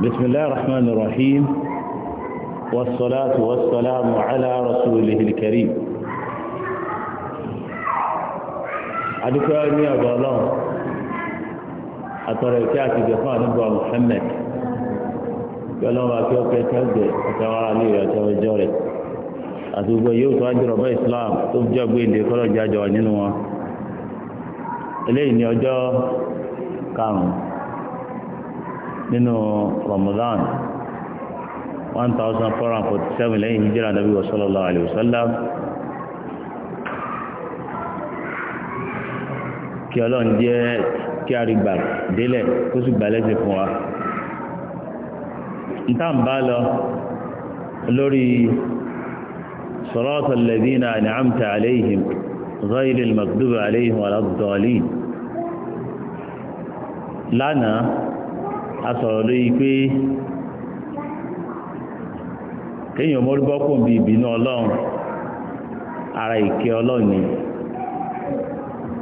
بسم الله الرحمن الرحيم والصلاة والسلام على رسوله الكريم أدوكو أمي أبو الله أتركاتي جفان أبو محمد قالوا ما كيف يتهدى أتوارى لي أتوارى جوري أتوكو يوت أجر أبو إسلام تبجى بيدي كل جاجة ونينوا إليه نيوجو كانوا nínú Ramadan one thousand four hundred forty seven lẹ́yìn hijira nabi wa sallallahu alayhi wa sallam kí ọlọ́run jẹ́ kí a rí gbà délẹ̀ kó sì gbà lẹ́sẹ̀ fún wa ntàǹbá lọ lórí sọ̀rọ̀tọ̀ lẹ́dínà ní àmta aléhìm ghayril magdubi aléhìm wàlá dọ̀ọ̀lì lánàá a sọ̀rọ̀ lórí pé kéèyàn mọ́rúbọ́ bí ìbínú ọlọ́run ara ìkẹ́ ọlọ́run ni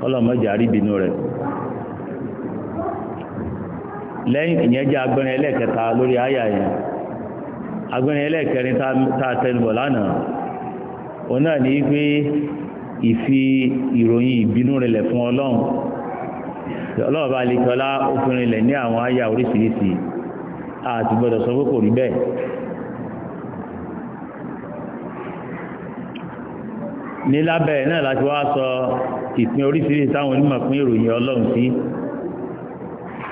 ọlọ́run mọ́jà ìbínú rẹ̀ lẹ́yìn ìyẹn jẹ́ agbẹ́rin ẹlẹ́ẹ̀kẹta lórí àyà yẹn agbẹ́rin ẹlẹ́ẹ̀kẹrin tá lánàá òun náà ní ìròyìn ọlọ́ọ̀bá alẹ́kọ́lá òfinrin ilẹ̀ ní àwọn àyà oríṣiríṣi àti gbọ́dọ̀ sọ pé kò rí bẹ́ẹ̀ ní lábẹ́ náà láti wá sọ ìpín oríṣiríṣi táwọn onímọ̀ fún ìròyìn ọlọ́run sí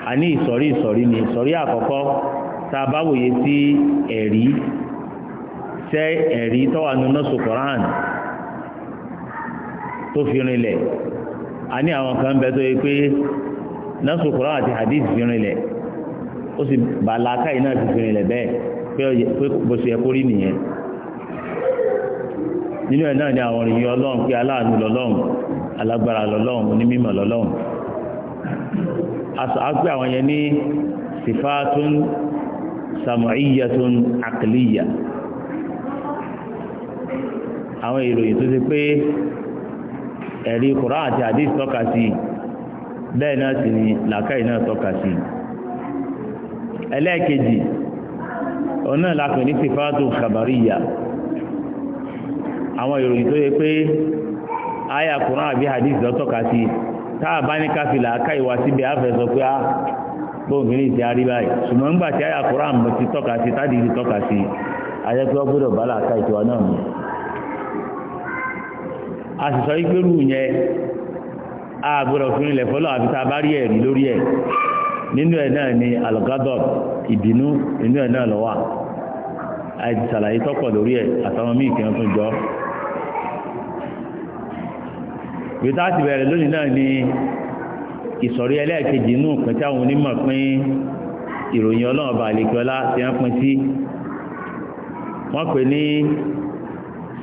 a ní ìsọ̀rí ìsọ̀rí ni ìsọ̀rí àkọ́kọ́ tá a bá wòye sí ẹ̀rí sẹ́ ẹ̀rí tọ́wà nínú Kùránì tó fi rinlẹ̀ a ní àwọn kan bẹ tó yẹ pé nọ́ọ̀sù kúrọ́ àti hadith fi rinlẹ̀ ó sì bàlákà yìí náà ti fi rinlẹ̀ bẹ́ẹ̀ pé bó ṣe yẹ kó rí nìyẹn nínú ẹ̀ náà ni àwọn òrìyìn ọlọ́run pé aláàánú lọ́lọ́run alágbára lọ́lọ́run onímọ̀ lọ́lọ́run a àwọn yẹn ní sifatun samuiyatun akiliya àwọn ìròyìn tó ti pé ẹ̀rí Koran àti hadith tọ́ka sí bẹ́ẹ̀ náà sì ni làákàyè náà tọ́ka sí ẹlẹ́ẹ̀kejì ọ̀nà làákàyè ní sífàtù kàbàríyà àwọn ìròyìn tó yẹ pé àyà Kùránì àbí hadith ló sí táà bá ní káfí làákàyè wá síbi àfẹsọ pé á ah, bóògì ní ìṣe àríwá ṣùgbọ́n tí àyà àmọ́ ti tọ́ka sí tádìí ti tọ́ka sí bá a sì sọ ìgbérù yẹn a gbọ́dọ̀ fi rinlẹ̀ fọ́lọ́ àfi ẹ̀rí lórí ẹ̀ nínú ẹ̀ náà ni algadab ìbínú nínú ẹ̀ náà lọ́wọ́ àti sàlàyé tọ́pọ̀ lórí ẹ̀ àtàwọn míì kí wọ́n tún jọ gbèta ti bẹ̀rẹ̀ lónìí náà ni ìsọ̀rí ẹlẹ́ẹ̀kejì inú pẹ̀ tí àwọn onímọ̀ pín ìròyìn ọlọ́ọ̀bà àlejò ọlá ti wọ́n pè ní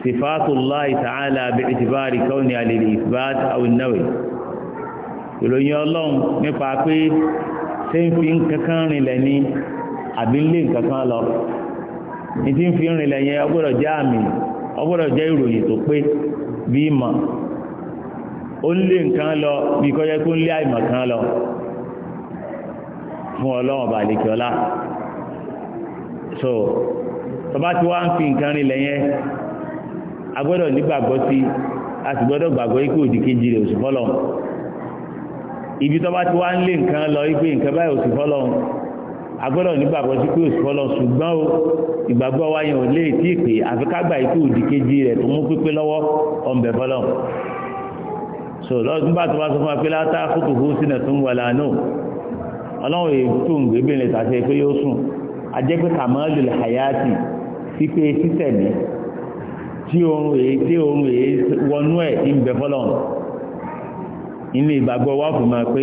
صفات الله تعالى باعتبار كونها للإثبات أو النوي ìròyìn ọlọ́run nípa pé ṣé ń fi kankan rinlẹ̀ ni àbí ń lé kankan lọ ní tí ń fi rinlẹ̀ yẹn ó gbọ́dọ̀ jẹ́ àmì ó gbọ́dọ̀ jẹ́ ìròyìn tó pé bí ìmọ̀ ó ń lé nǹkan lọ bí kò yẹ kó ń lé àìmọ̀ kan lọ fún ọlọ́run bàlẹ́kíọ́lá so tọba tí wàá ń fi nǹkan rinlẹ̀ yẹn a gbọ́dọ̀ nígbàgbọ́ sí a sì gbọ́dọ̀ gbàgbọ́ ikú òdì kejì òsì fọ́lọ̀ ibi tó bá ti wá ń lé nǹkan lọ ipe nǹkan báyìí òsì fọ́lọ̀ a gbọ́dọ̀ sí pé òsì fọ́lọ̀ ṣùgbọ́n o ìgbàgbọ́ wa yẹn ò lè tí ì pé àfi ká gbà ikú òdì kejì tó mú pípé lọ́wọ́ ọ̀nbẹ fọ́lọ̀ so lọ́dún bá tó bá sọ fún wa pé látà kótó fún sínà tó ń wà lánà ọlọ́run èyí tó ń gbébìnrin tàṣẹ pé yóò sùn ajẹ́pẹ́ kàmọ́ lulẹ̀ hayati sí sísẹ̀mí tí oorun èyí tí oorun èyí wọnú ẹ̀ tí ń bẹ fọ́lọ́run inú ìgbàgbọ́ wa fún ma pé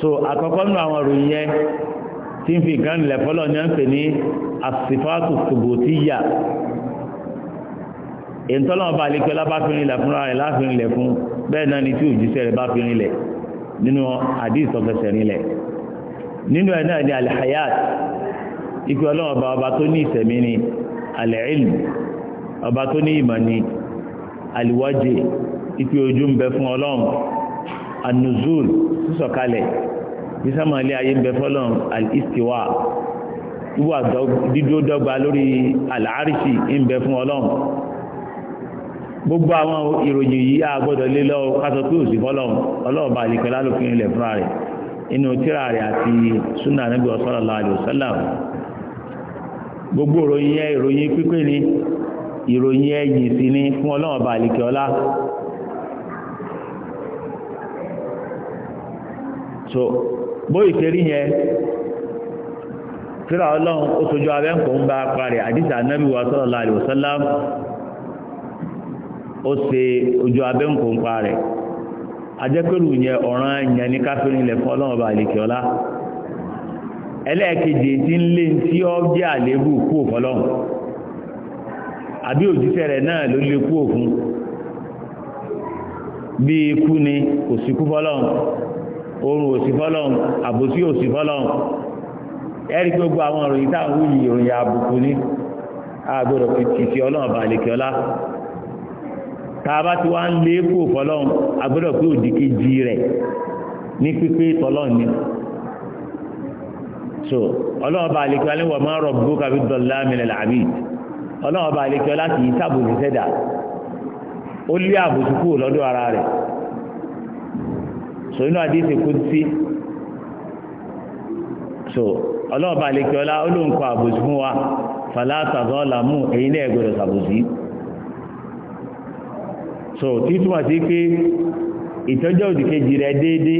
so àkọ́kọ́ nínú àwọn ìròyìn yẹn tí ń fi nǹkan nílẹ̀ fọ́lọ́run ní à ń pè ní àsìfáàtù tòbòtíyà ìtọ́lọ́wọ́n bá lè pẹ́ lábá fi fúnra rẹ̀ láàfin rinlẹ̀ fún bẹ́ẹ̀ náà ni tí òjíṣẹ́ rẹ̀ bá fi rinlẹ̀ nínú àdìs ọ̀fẹsẹ̀ rinlẹ̀ nínú ẹ̀ náà ni alihayat ikú ọlọ́wọ́n bá ọba tó ní ìsẹ̀mí ni alẹ́ẹ̀lì ọba tó ní ìmọ̀ ni aliwaje ipe ojú ń bẹ fún ọlọ́run anuzul sísọ̀kalẹ̀ sísámọ̀lẹ́ ayé ń bẹ fọlọ́run alistiwa wíwà dídúró dọ́gba lórí alárìsì ń bẹ fún ọlọ́run gbogbo àwọn ìròyìn yìí a gbọ́dọ̀ lé lọ́wọ́ kátó pé òsì fọlọ́run ọlọ́run bá àlìkẹ́ lálòfin ilẹ̀ fúnra rẹ̀ inú tíra rẹ̀ àti súnà níbi sallallahu alaihi gbogbo ìròyìn yẹn ìròyìn pípé ni ìròyìn sí ni fún ọlọ́run ọba àlìkè ọlá so bó ìṣerí yẹn síra ọlọ́run ó sojú abẹ́ǹkọ̀ ń bá parí àdìsá ànábì wa sallallahu ó ṣe ojú abẹ́ǹkọ̀ ń parí ajẹ́pẹ̀lú yẹn fún ọlọ́run ọba ẹlẹ́ẹ̀kejì tí ń lé tí ó jẹ́ àlébù kú òfọlọ́hùn àbí òjíṣẹ́ rẹ̀ náà ló lè kú òfun bí ikú ni kò sí kú fọlọ́hùn oorun ò sí fọlọ́hùn àbòsí ò sí fọlọ́hùn ẹ̀rí gbogbo àwọn ìròyìn táwọn wúyì ìròyìn àbùkù ni àgbọ̀dọ̀ ìfi ọlọ́run balẹ̀kẹ́ ọlá tàbá tí wọ́n ń lé kú òfọlọ́hùn àgbọ̀dọ̀ pé òdìkejì rẹ̀ ní pípé tọlọ́hùn ni. Pe, so ọlọ́wọ́ bá àlekẹ́ alẹ́ wọ̀ máa rọ̀bù bókà bí dọ̀lá mìíràn làbí ọlọ́wọ́ bá àlekẹ́ láti yí sábòsí sẹ́dà ó lé àbòsí lọ́dọ̀ ara rẹ̀ so inú àdéhìí ṣe kó sí so ọlọ́wọ́ bá àlekẹ́ ọlá ó ló ń kọ àbòsí fún wa fàlà tàbọ̀ làmú èyí náà gbọdọ̀ sàbòsí so títúmọ̀ sí pé ìtọ́jọ́ òdìkejì rẹ̀ déédéé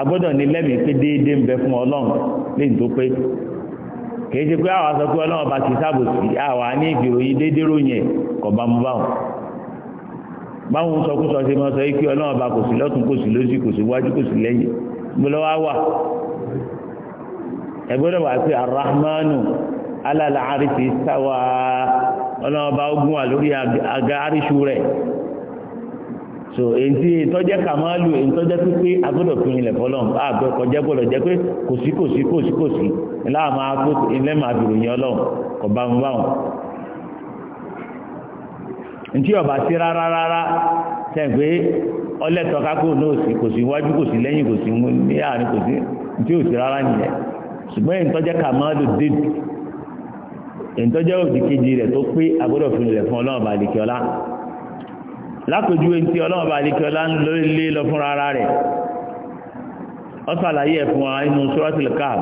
agbọ́dọ̀ ní lẹ́mìí pé déédéé ń bẹ fún ọlọ́run léyìn tó pé kìí ṣe pé àwọn ọlọ́run bá ti sáàbò sí àwa ní ìfìròyìn déédéé ròyìn ẹ̀ bá mú báwọn báwọn sọkúsọ ṣe mọ́ sọ pé ọlọ́run bá kò sí lọ́tún kò sí lósì kò sí wájú kò sí lẹ́yìn wà arahmanu so èyí tọ́jẹ́ kàmáàlù èyí tọ́jẹ́ pípé agbọ́dọ̀ fi ilẹ̀ fọlọ́ àgbẹ̀ kọjá gbọ́dọ̀ jẹ́ pé kò sí kò sí kò sí kò sí láàmú agbó ilé máa bìrò yẹn ọlọ́run kò bá wọn báwọn. ntí ọba sí rárá rárá tẹ̀ pé ọlẹ́tọ̀ kákó náà sí kò sí iwájú kò sí lẹ́yìn kò sí mú ní àárín kò sí ntí ò sí rárá nìyẹn ṣùgbọ́n èyí tọ́jẹ́ kàmáàlù dé èyí tọ́jẹ́ òdì kejì rẹ̀ tó pé agbọ́dọ̀ fi ilẹ̀ fún ọlọ́run lápèjúwe tí ọlọ́run bá lékè ọlá ń lé lọ fúnra ara rẹ̀ ó ṣàlàyé ẹ̀ fún wa inú suratul Kahf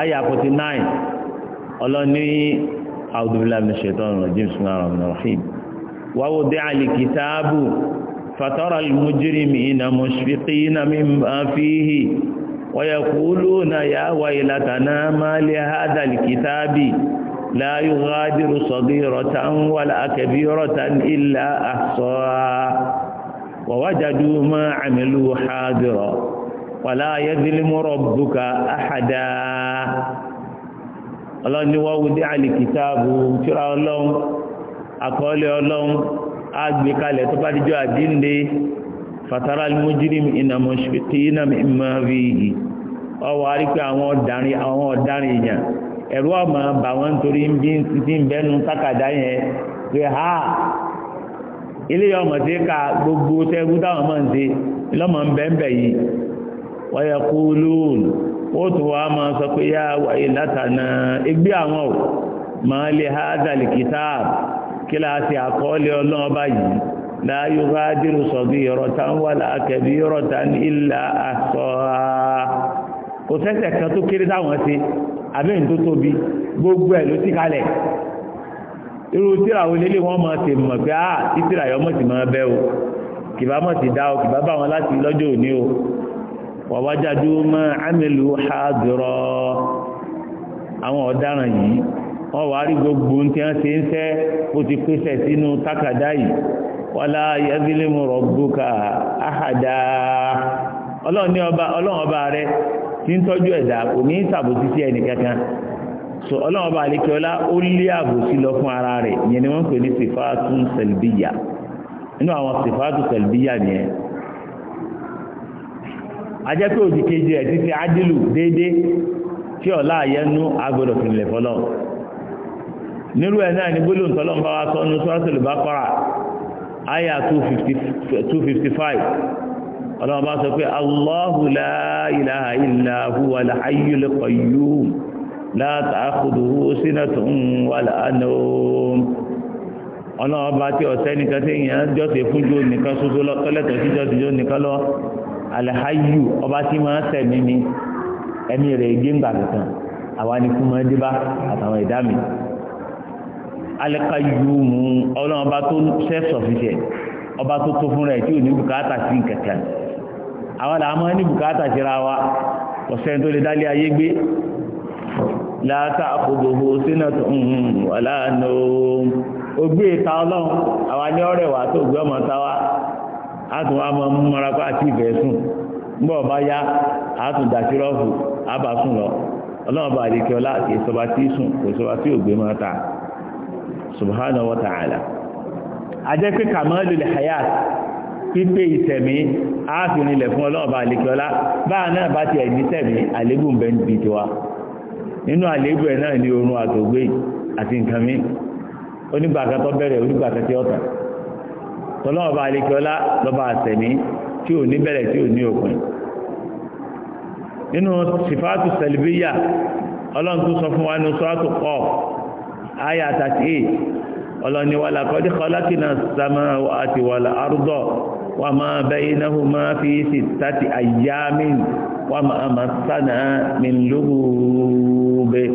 aya 49 ọlọ́ni a'udhu billahi minash shaitanir rajim bismillahir rahmanir rahim wa wudi'a al-kitabu fatara al-mujrimina mushfiqina mimma fihi wa yaquluna ya waylatana ma li hadha al-kitabi لا يغادر صغيرة ولا كبيرة إلا أحصاها ووجدوا ما عملوا حاضرا ولا يظلم ربك أحدا ọlọ́ni wọ́n wù dé àlìkìtàbù tíra ọlọ́run àkọọ́lẹ̀ ọlọ́run àgbékalẹ̀ tó bá díjọ́ àdínde fatara al-mujrim iná mọ̀ṣùkì iná mọ̀ ẹ̀rú ọmọ bà wọ́n nítorí ń bí ti ń bẹ́nu tákàdá yẹn pé ha ilé ọmọ ka gbogbo tẹ́gbú táwọn máa ń ṣe lọ́mọ ń bẹ́ ń bẹ̀ yìí wọ́n yẹ kó lóòlù ó tún wá máa sọ pé yá wáyé látànà àwọn ò máa lè ha dàlì kìtáàb kíláàsì àkọọ́lẹ̀ ọlọ́run báyìí láyé wá dìrò sọ̀bí ọ̀rọ̀ táwọn wà láàkẹ́bí ọ̀rọ̀ táwọn ilà kò sẹ́sẹ̀ kan tó kéré táwọn ṣe àbí ní tó tóbi gbogbo ẹ̀ ló ti kalẹ̀ irú tíra wo lélẹ̀ wọ́n máa ti mọ̀ pé áà ah, tí tíra yọ mọ̀ sí máa bẹ́ o kìbá mọ̀ sí dá o kìbá bá wọn láti lọ́jọ́ òní o wàwájáde mọ́ amílù ha dùrọ̀ àwọn ọ̀daràn yìí wọ́n wá rí gbogbo ohun tí ṣe ń fẹ́ ó ti pèsè sínú tákàdá yìí wala yazlimu rabbuka ahada ọlọ́run ọba rẹ̀ tí ń tọ́jú ẹ̀dá kò ní ìsàbòsí sí ẹnì kankan so ọlọ́run bá àlekẹ́ọ́lá ó lé àbòsí lọ fún ara rẹ̀ ìyẹn ni wọ́n ń pè ní sèfáàtú sẹ̀lbíyà nínú àwọn sèfáàtú sẹ̀lbíyà nìyẹn ajẹ́ pé òdì kejì rẹ̀ ti fi ádìlù déédé tí ọ̀la àyẹnú agbọ́dọ̀ fìlẹ̀ fọlọ́ nírú ẹ̀ náà ní gbólóhùn tọ́lọ́ bá wa sọ ní sọ́ọ́sì lùbákọ́rà àyà 255 ọlọ́run bá sọ pé Allahu la ilaha illa huwa al-hayyul qayyum la ta'khudhuhu sinatun wala nawm ọlọ́run bá tí ọ̀sẹ́ nìkan tí èèyàn jọ́sẹ̀ fún jù nìkan ṣoṣo lọ́tọ́lẹ́tọ̀ sí jọ́sẹ̀ jọ́ nìkan lọ al-hayyu ọba tí máa ń tẹ̀mí ni ẹ̀mí rẹ̀ géńgbà nìkan àwa ni fún máa ń àtàwọn ẹ̀dá mi al-qayyumu ọlọ́run ọba tó self-sufficient ọba tó tó fún rẹ̀ tí ò ní bùkátà sí nǹkankan àwọn làmọ́ ní bùkátà síra wa ọ̀sẹ̀ tó lè dálé ayé gbé látà sínà tó ń wà láàánú ogbé ìta ọlọ́run ní ọ̀rẹ́ tó gbé ọmọ táwa mọ́ra àti ìbẹ̀ sùn yá dàtí rọ́ọ̀fù àbá sùn lọ ọlọ́run bá ọlá kì í sọba tí a pé pípé ìsẹ̀mí áàfin ilẹ̀ fún ọlọ́ọ̀bá àlekíọ́lá báà náà bá ti ẹ̀mí sẹ̀mí àlébù ń bẹ níbi tiwa nínú àlébù ẹ̀ náà ni oorun àtògbé àti nǹkan mi onígbàkan tó bẹ̀rẹ̀ onígbàkan tí ọ̀tàn tọ́lọ́ọ̀bá àlekíọ́lá lọ́ba àsẹ̀mí tí ò ní bẹ̀rẹ̀ tí ò ní òpin nínú sifáàtù sẹlẹ̀bíyà ọlọ́run tó wa ní wà máa bẹ́yìn náà máa fi sì tàti àyà mi wà máa máa sànà mi lóòbẹ̀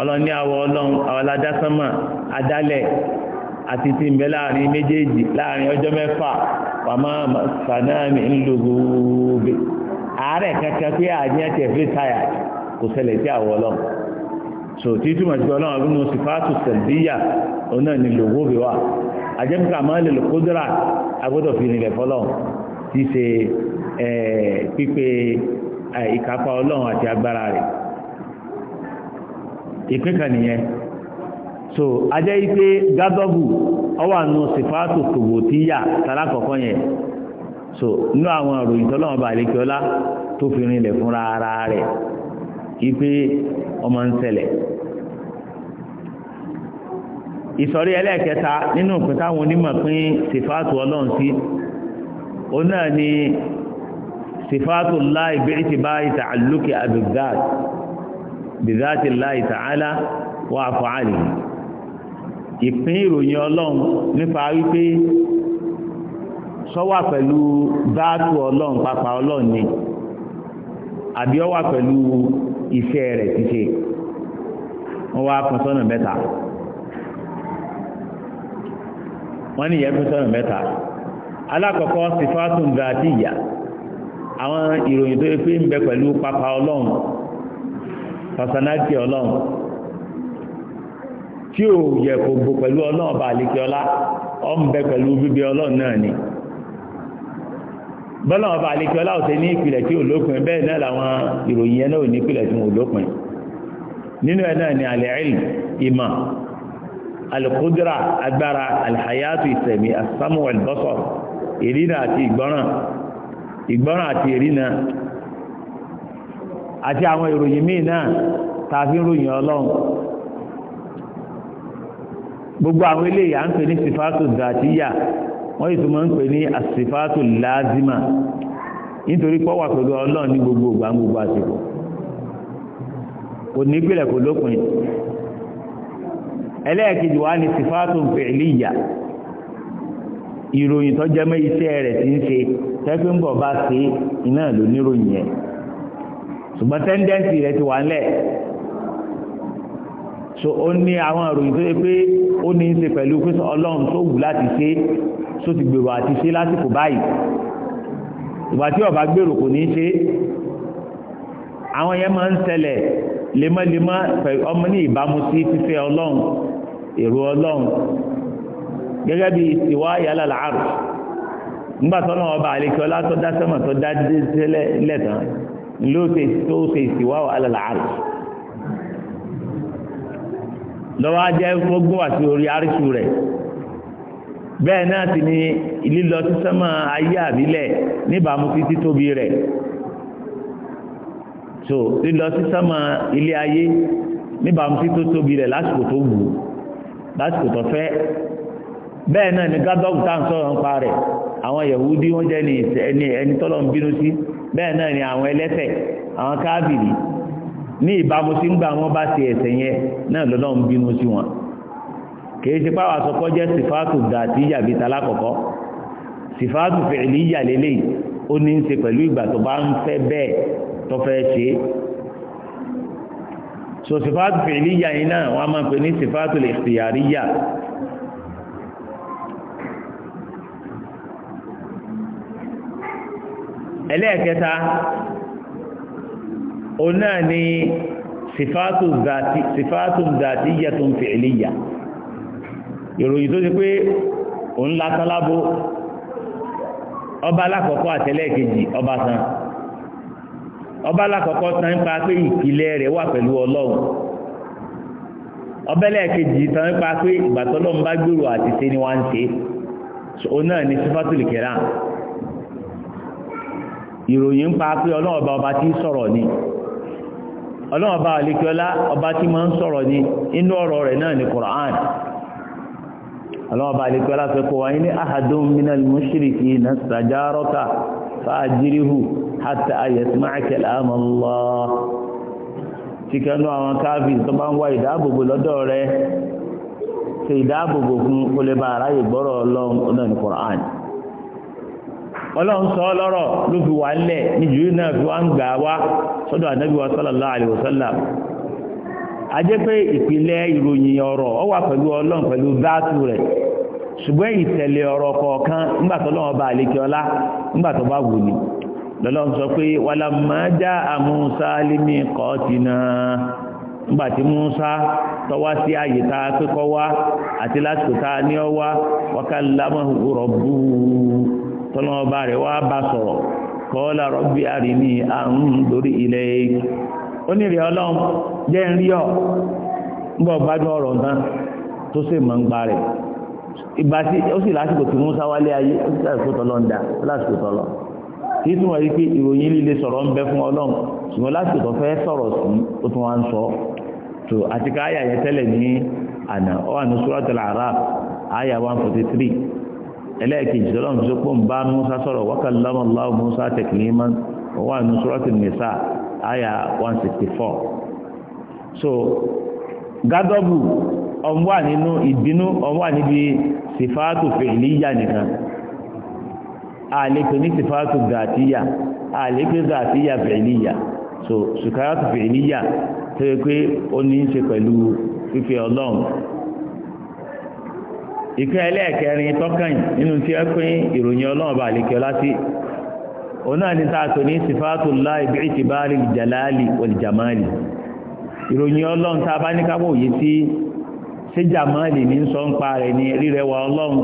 ọlọ́ni àwọ̀ ọlọ́run àwọn aládásánmà adálẹ̀ àti ti ń bẹ láàrin méjèèjì láàrin ọjọ́ mẹ́fà wà máa máa sànà mi lóòbẹ̀ àárẹ̀ kankan pé àjíyàn tẹ̀ fi táyà kò ṣẹlẹ̀ sí àwọ̀ ọlọ́run so tí túmọ̀ sí ọlọ́run àbúrò sí fásitì sẹ̀díyà òun náà ni lòwó wà àjẹmíkà máa lè lòkó dúrà agbọ́dọ̀ fi rinlẹ̀ fọlọ́n ti ṣe pípé ìkápá ọlọ́run àti agbára rẹ̀ ìpín kan nìyẹn so ajẹ́ ipe gádọ́gù ọwọ́ àánú sífàtò tòwò tí yà tàlá kọ̀ọ̀kan yẹn so nínú àwọn ìròyìn tọ́lọ́wọ́n bá àlékè ọlá tó fi rinlẹ̀ fúnra ara rẹ̀ ipe ọmọ ń ṣẹlẹ̀ ìsọ̀rí ẹlẹ́ẹ̀kẹta nínú ìpín táwọn onímọ̀ pín sífáàtù ọlọ́run sí ó náà ni sífáàtù láì bẹ́ẹ̀ ti bá ìta àlùkè àbẹ̀gbàd bìzáàtì láì tààlà wà fàálì ìpín ìròyìn ọlọ́run nípa wípé sọ́wà pẹ̀lú báàtù ọlọ́run pápá ọlọ́run ni àbí ó pẹ̀lú iṣẹ́ rẹ̀ ti ṣe wọ́n wá pín sọ́nà mẹ́ta. wọ́n ní ìyẹn fún sọ́nà mẹ́ta alákọ̀ọ́kọ́ sifatun zatiya àwọn ìròyìn tó yẹ pé ń bẹ pẹ̀lú pápá ọlọ́run personality ọlọ́run tí ò yẹ kó gbó pẹ̀lú ọlọ́run bá àlékè ọlá ọ ń bẹ pẹ̀lú bíbí ọlọ́run náà ni bọ́lá ọba àlékè ọlá ọ̀sẹ̀ ní ìpìlẹ̀ tí ò lópin bẹ́ẹ̀ náà làwọn ìròyìn yẹn náà ò ní ìpìlẹ̀ tí wọn ò lópin nínú ẹ̀ náà ni àlẹ́ ìlú ìmọ̀ alikudra agbára alihayatu ìsẹ̀mí asamu alibọ́sọ̀ ìrìnà àti ìgbọ́ràn ìgbọ́ràn àti ìrìnà àti àwọn ìròyìn míì náà tàbí ròyìn ọlọ́run gbogbo àwọn eléyìí à ń pè ní sifátù dàtíyà wọ́n yìí tó máa ń pè ní sifátù láàzìmà nítorí pọ́wà pẹ̀lú ọlọ́run ní gbogbo ìgbà àsìkò kò ní ìpìlẹ̀ kò lópin ẹlẹ́ẹ̀kejì wá ní sifatun fi'liya ìròyìn tó jẹ́ mọ́ iṣẹ́ rẹ̀ ti ń ṣe tẹ́fí ń bọ̀ bá ṣe iná ló níròyìn ẹ̀ ṣùgbọ́n tẹ́ndẹ́ǹsì rẹ̀ ti wà ńlẹ̀ so ó ní àwọn ìròyìn tó yẹ pé ó ní í ṣe pẹ̀lú pé ọlọ́run tó wù láti ṣe tó ti gbèrò àti ṣe lásìkò báyìí ìgbà tí ọba gbèrò kò ní í ṣe àwọn yẹn máa ń ṣẹlẹ̀ lemọ́lemọ́ ọmọ ní ìbámu sí fífẹ́ ọlọ́run èrò ọlọ́run gẹ́gẹ́ bí ìwá yàrá làárù nígbà tọ́nà ọba àlekẹ́ ọlá tó dá sẹ́mọ̀ tó dá dé lẹ́tàn ló ṣe tó ṣe ìsìwá wàhálà làárù lọ́wọ́ ajẹ́ gbogbo àti orí àríṣù rẹ̀ bẹ́ẹ̀ náà sì ni lílọ sí sẹ́mọ̀ ayé àbílẹ̀ níbàámu sí títóbi rẹ̀ so lílọ sí ilé ayé níbàámu sí tóbi rẹ̀ lásìkò tó wù ú lásìkò tó fẹ́ bẹ́ẹ̀ náà ni gadog tá ń sọ̀rọ̀ nípa rẹ̀ àwọn yahudi wọ́n jẹ́ ní ẹni ẹni tọ́lọ̀ ń bínú sí bẹ́ẹ̀ náà ni àwọn ẹlẹ́ṣẹ̀ àwọn káàbìrì ní ìbámu sí ń gbà wọ́n bá ti ẹ̀ṣẹ̀ yẹn náà lọ́lọ́ ń bínú sí wọn kìí ṣe pàwọ́ àsọkọ́ jẹ́ sífáàtù dàtí yàbí tala kọ̀kọ́ sífáàtù fẹ̀lì yà lélẹ́yìí ó ní í ṣe pẹ̀lú ìgbà tó bá ń fẹ́ bẹ́ẹ̀ tó fẹ́ ṣe é so sifatu fìlíyà yìí náà wọ́n á máa pè ní sifatu lè tìyàríyà ẹlẹ́ẹ̀kẹta òun náà ni sifatu zati sifatu zati yẹtun fìlíyà ìròyìn tó ti pé òun látọ́lábó ọba alákọ̀ọ́kọ́ àtẹlẹ́ẹ̀kejì ọba san. ọba alákọ̀ọ́kọ́ tán nípa pé ìpìlẹ̀ rẹ̀ wà pẹ̀lú ọlọ́run ọbẹ̀ lẹ́ẹ̀kejì tán gburu pé ìgbàtọ́lọ́run bá gbèrò àti ṣe ni ń ṣe òun náà ìròyìn ń pa ọba tí sọ̀rọ̀ ni ọlọ́run ọba ọba tí máa ń sọ̀rọ̀ ni inú ọ̀rọ̀ rẹ̀ náà ni Qur'an fẹ́ ní ahadum minal hàtà ayẹ̀sìmá àkẹlàmọ́ lọ tìkẹ́nu àwọn káfí tó bá ń wá ìdáàbòbò lọ́dọ̀ rẹ ṣe ìdáàbòbò fún olèbá aráyè gbọ́rọ̀ ọlọ́run sọ lọ́rọ̀ ló fi wà lẹ̀ ní jùlọ náà fi wá ń wa sallallahu alaihi sọlọlọ pé ìròyìn ọ̀rọ̀ ọ wà pẹ̀lú ọlọ́run pẹ̀lú rẹ̀ ṣùgbọ́n ìtẹ̀lẹ̀ ọ̀rọ̀ lọ́lọ́run sọ pé wàlá máa já àmúnsá límì kọ́ọ̀tìnà nígbà tí Musa tọ́wá sí àyè tá a kékọ́ wá àti lásìkò tá a ní ọ wá wákàlámọ̀hù rọ̀bù tọ́lọ́mọba rẹ̀ wá bá sọ̀rọ̀ kọ́ọ́lá rọ́bì àrìní àrùn lórí ilẹ̀ onírìí ọlọ́run jẹ́ ń rí ọ nígbà gbádùn ọ̀rọ̀ náà tó sì kí túmọ̀ yìí pé ìròyìn líle sọ̀rọ̀ ń bẹ fún ọlọ́run ṣùgbọ́n láti tó fẹ́ sọ̀rọ̀ sí ó tún wá ń sọ tó àti ká àyà yẹn tẹ́lẹ̀ ní àná ó ní suratul A'raf àyà one forty three ẹlẹ́ẹ̀kejì tọ́lọ́run fi sọ́pọ̀ ń bá Musa sọ̀rọ̀ wa kallama Musa takliman ó wà ní one sixty four so gádọ́bù ọ̀n wà nínú ìbínú ọ̀n wà níbi sìfáàtù fèlíyà nìkan àlepè ní sifáàtù zàtíyà àlepè zàtíyà fìlíyà so sùkáràtù fìlíyà tó yẹ pé ó ní í ṣe pẹ̀lú fífẹ́ ọlọ́run ìpín ẹlẹ́ẹ̀kẹrin tọ́kàn nínú tí ẹ pín ìròyìn ọlọ́run bá àlekè ọlá sí òun náà ní sáàtò ní sifáàtù láì bí ìtìbárì jàláàlì wọlìjàmáàlì ìròyìn ọlọ́run tá a bá ní káwọ́ òye sí ṣé jàmáàlì ní sọ ń pa rẹ̀ ní rírẹwà ọlọ́run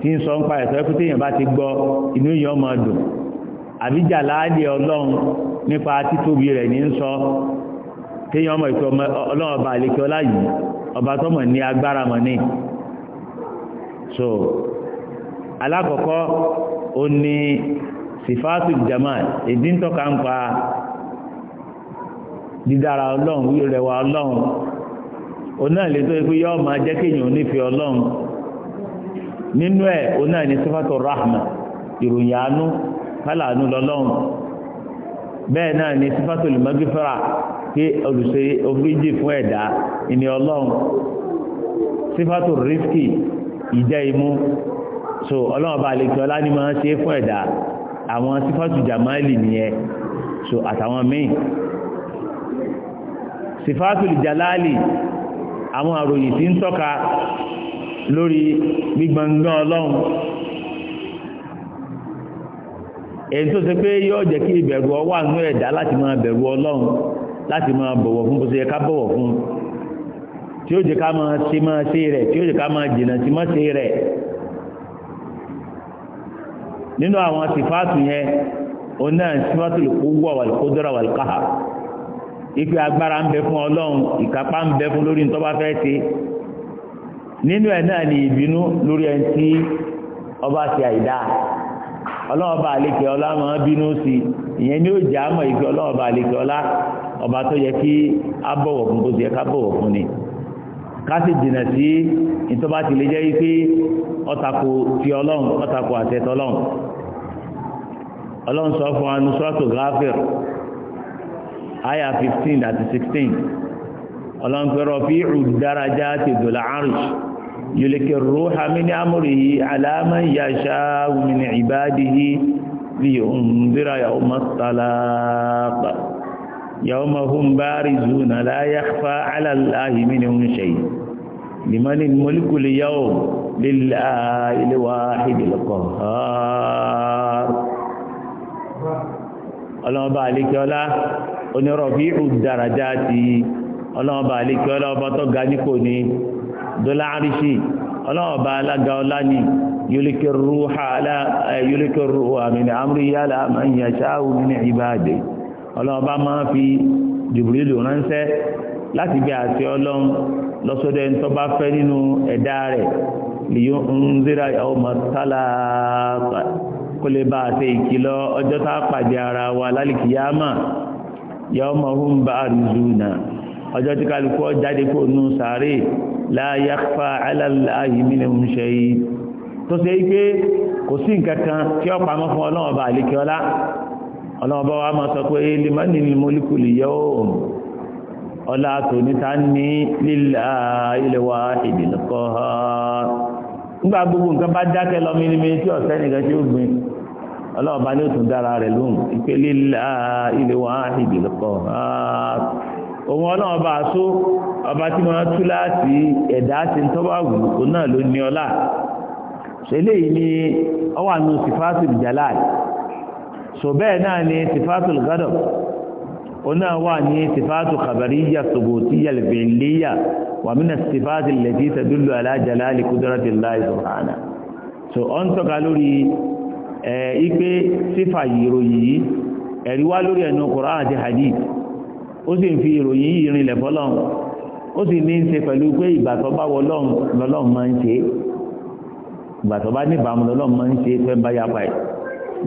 tí ń sọ ń pa ẹ̀sọ́ ẹkú téèyàn bá ti gbọ́ inú èèyàn máa dùn àbíjà láàlì ọlọ́run nípa títóbi rẹ̀ ní ń sọ téèyàn ọmọ ìtọ́ ọlọ́run ọba àlekí ọlá yìí ọba tọmọ ní agbára mọ̀ ní. so alákọ̀ọ́kọ́ ó ní sifaatu jamaa èdè ń tọ́ka ń pa dídára ọlọ́run rẹwà ọlọ́run onáà lè tó ikú yọ́ máa jẹ́ kéèyàn onífẹ́ ọlọ́run nínú ẹ̀ òun náà ní rahma ìròyìn àánú kálánú lọ́lọ́run bẹ́ẹ̀ náà ní sífàtò lùmọ́gífẹ́ra pé olùṣe oríjì fún ẹ̀dá ìní ọlọ́run sífàtò rìskì ìjẹ́ imú so ọlọ́run bá lè kí ọlá ní máa ṣe fún ẹ̀dá àwọn sífàtò jàmáìlì nìyẹn so àtàwọn míì sífàtò ìjàláàlì àwọn àròyìn tí ń tọ́ka lórí gbígbọ̀ngán ọlọ́run èyí tó ṣe pé yóò jẹ́ kí ìbẹ̀rù ọwà nú ẹ̀dá láti máa bẹ̀rù ọlọ́run láti máa bọ̀wọ̀ fún bó ṣe yẹ ká bọ̀wọ̀ fún tí ó jẹ́ ká máa ṣe máa ṣe rẹ̀ tí ó jẹ́ ká máa jìnà sí máa ṣe rẹ̀ nínú àwọn sìfáàtù yẹn òun náà sìfáàtù lè kó wọ̀ wàlúkódọ́rà wàlúkáhà ife agbára ń bẹ fún ọlọ́run ìkápá ń bẹ fún lórí ntọ́ba fẹ́ ṣe nínú ẹ̀ náà ni ìbínú lórí ẹni tí ọba ti àìdá ọlọ́ọ̀ba àlekè ọlá máa bínú sí ìyẹn ni ó jà á mọ̀ ìpè ọlọ́ọ̀ba àlekè ọlá ọba tó yẹ kí á bọ̀wọ̀ fún bó ti yẹ ká bọ̀wọ̀ fún ni ká sì sí ìtọ́ba ti lè jẹ́ wípé ọ̀tàkù ti ọlọ́run ọ̀tàkù àtẹ̀tọ̀ ọlọ́run ọlọ́run sọ fún anusrọ́tò gáfíìr àyà fifteen àti sixteen ọlọ́run pẹ̀rọ fíìrù dára já ti dòlà àrùsì yòlèkè rúhà mí ní amúrì yìí aláàmà yàṣà wùmìnì ìbádìí lè òǹdíra yàwó mọ́tàlápà yàwó mahùn bá rí zùnà láyá fa aláàláhì mí ní oúnṣẹ́ yìí lèmọ́ni mọ́líkùlì yàwó lílá ilé wa ìdìlọ́kọ̀ ọlọ́ọ̀bá àlékẹ́ọ́lá onírọ̀bí ìrù dáradára ti ọlọ́ọ̀bá ga nípò ni dọ́là àríṣì ọlọ́ọ̀bá alága ọlá ni yulike ruha ala yulike ruha min amri ala man yasha'u min ibadi ọlọ́ọ̀bá máa fi Jibrilu ránṣẹ́ láti bí àti ọlọ́run lọ́sọ́dọ̀ ẹni tó bá fẹ́ nínú ẹ̀dá rẹ̀ lèyó ń zíra ìyàwó mọ̀tálà kó yàwó ọjọ́ tí kálukú jáde kó nù sàárè la yakhfa ala Allahi minhum shay tó ṣe pé kò sí nǹkan kan tí ó pamọ́ fún ọlọ́run ọba àlekẹ́ ọlá ọlọ́run ọba wa máa sọ pé limanil mulkul yawm ọlá tòní ta ní lillahil wahidil ní òtún dára rẹ̀ òun ọlọ́run bá tó ọba tí wọ́n tú láti ẹ̀dá ti ń tọ́wà wù òun náà ló ní ọlá ṣẹlẹ̀ yìí ni ọ wà nù sifatul jalal so bẹ́ẹ̀ náà ni sifatul gadab òun náà wà ní sifatul khabariya subutiya alfiliya wà mí na sifatul lati tadullu ala jalali qudratillahi subhana so ọ ń tọ́ka lórí ẹ̀ eh, ipe sífà yìí ròyìn ẹ̀rí wá lórí ẹnu Qur'an àti hadith ó sì ń fi ìròyìn yìí rinlẹ̀ fọlọ́run ó sì ní í ṣe pẹ̀lú pé ìgbà tó bá wọ lọ́lọ́run máa ń ṣe é ìgbà tó bá níbàámu lọ́lọ́run máa ń ṣe é fẹ́ bá yapa ẹ̀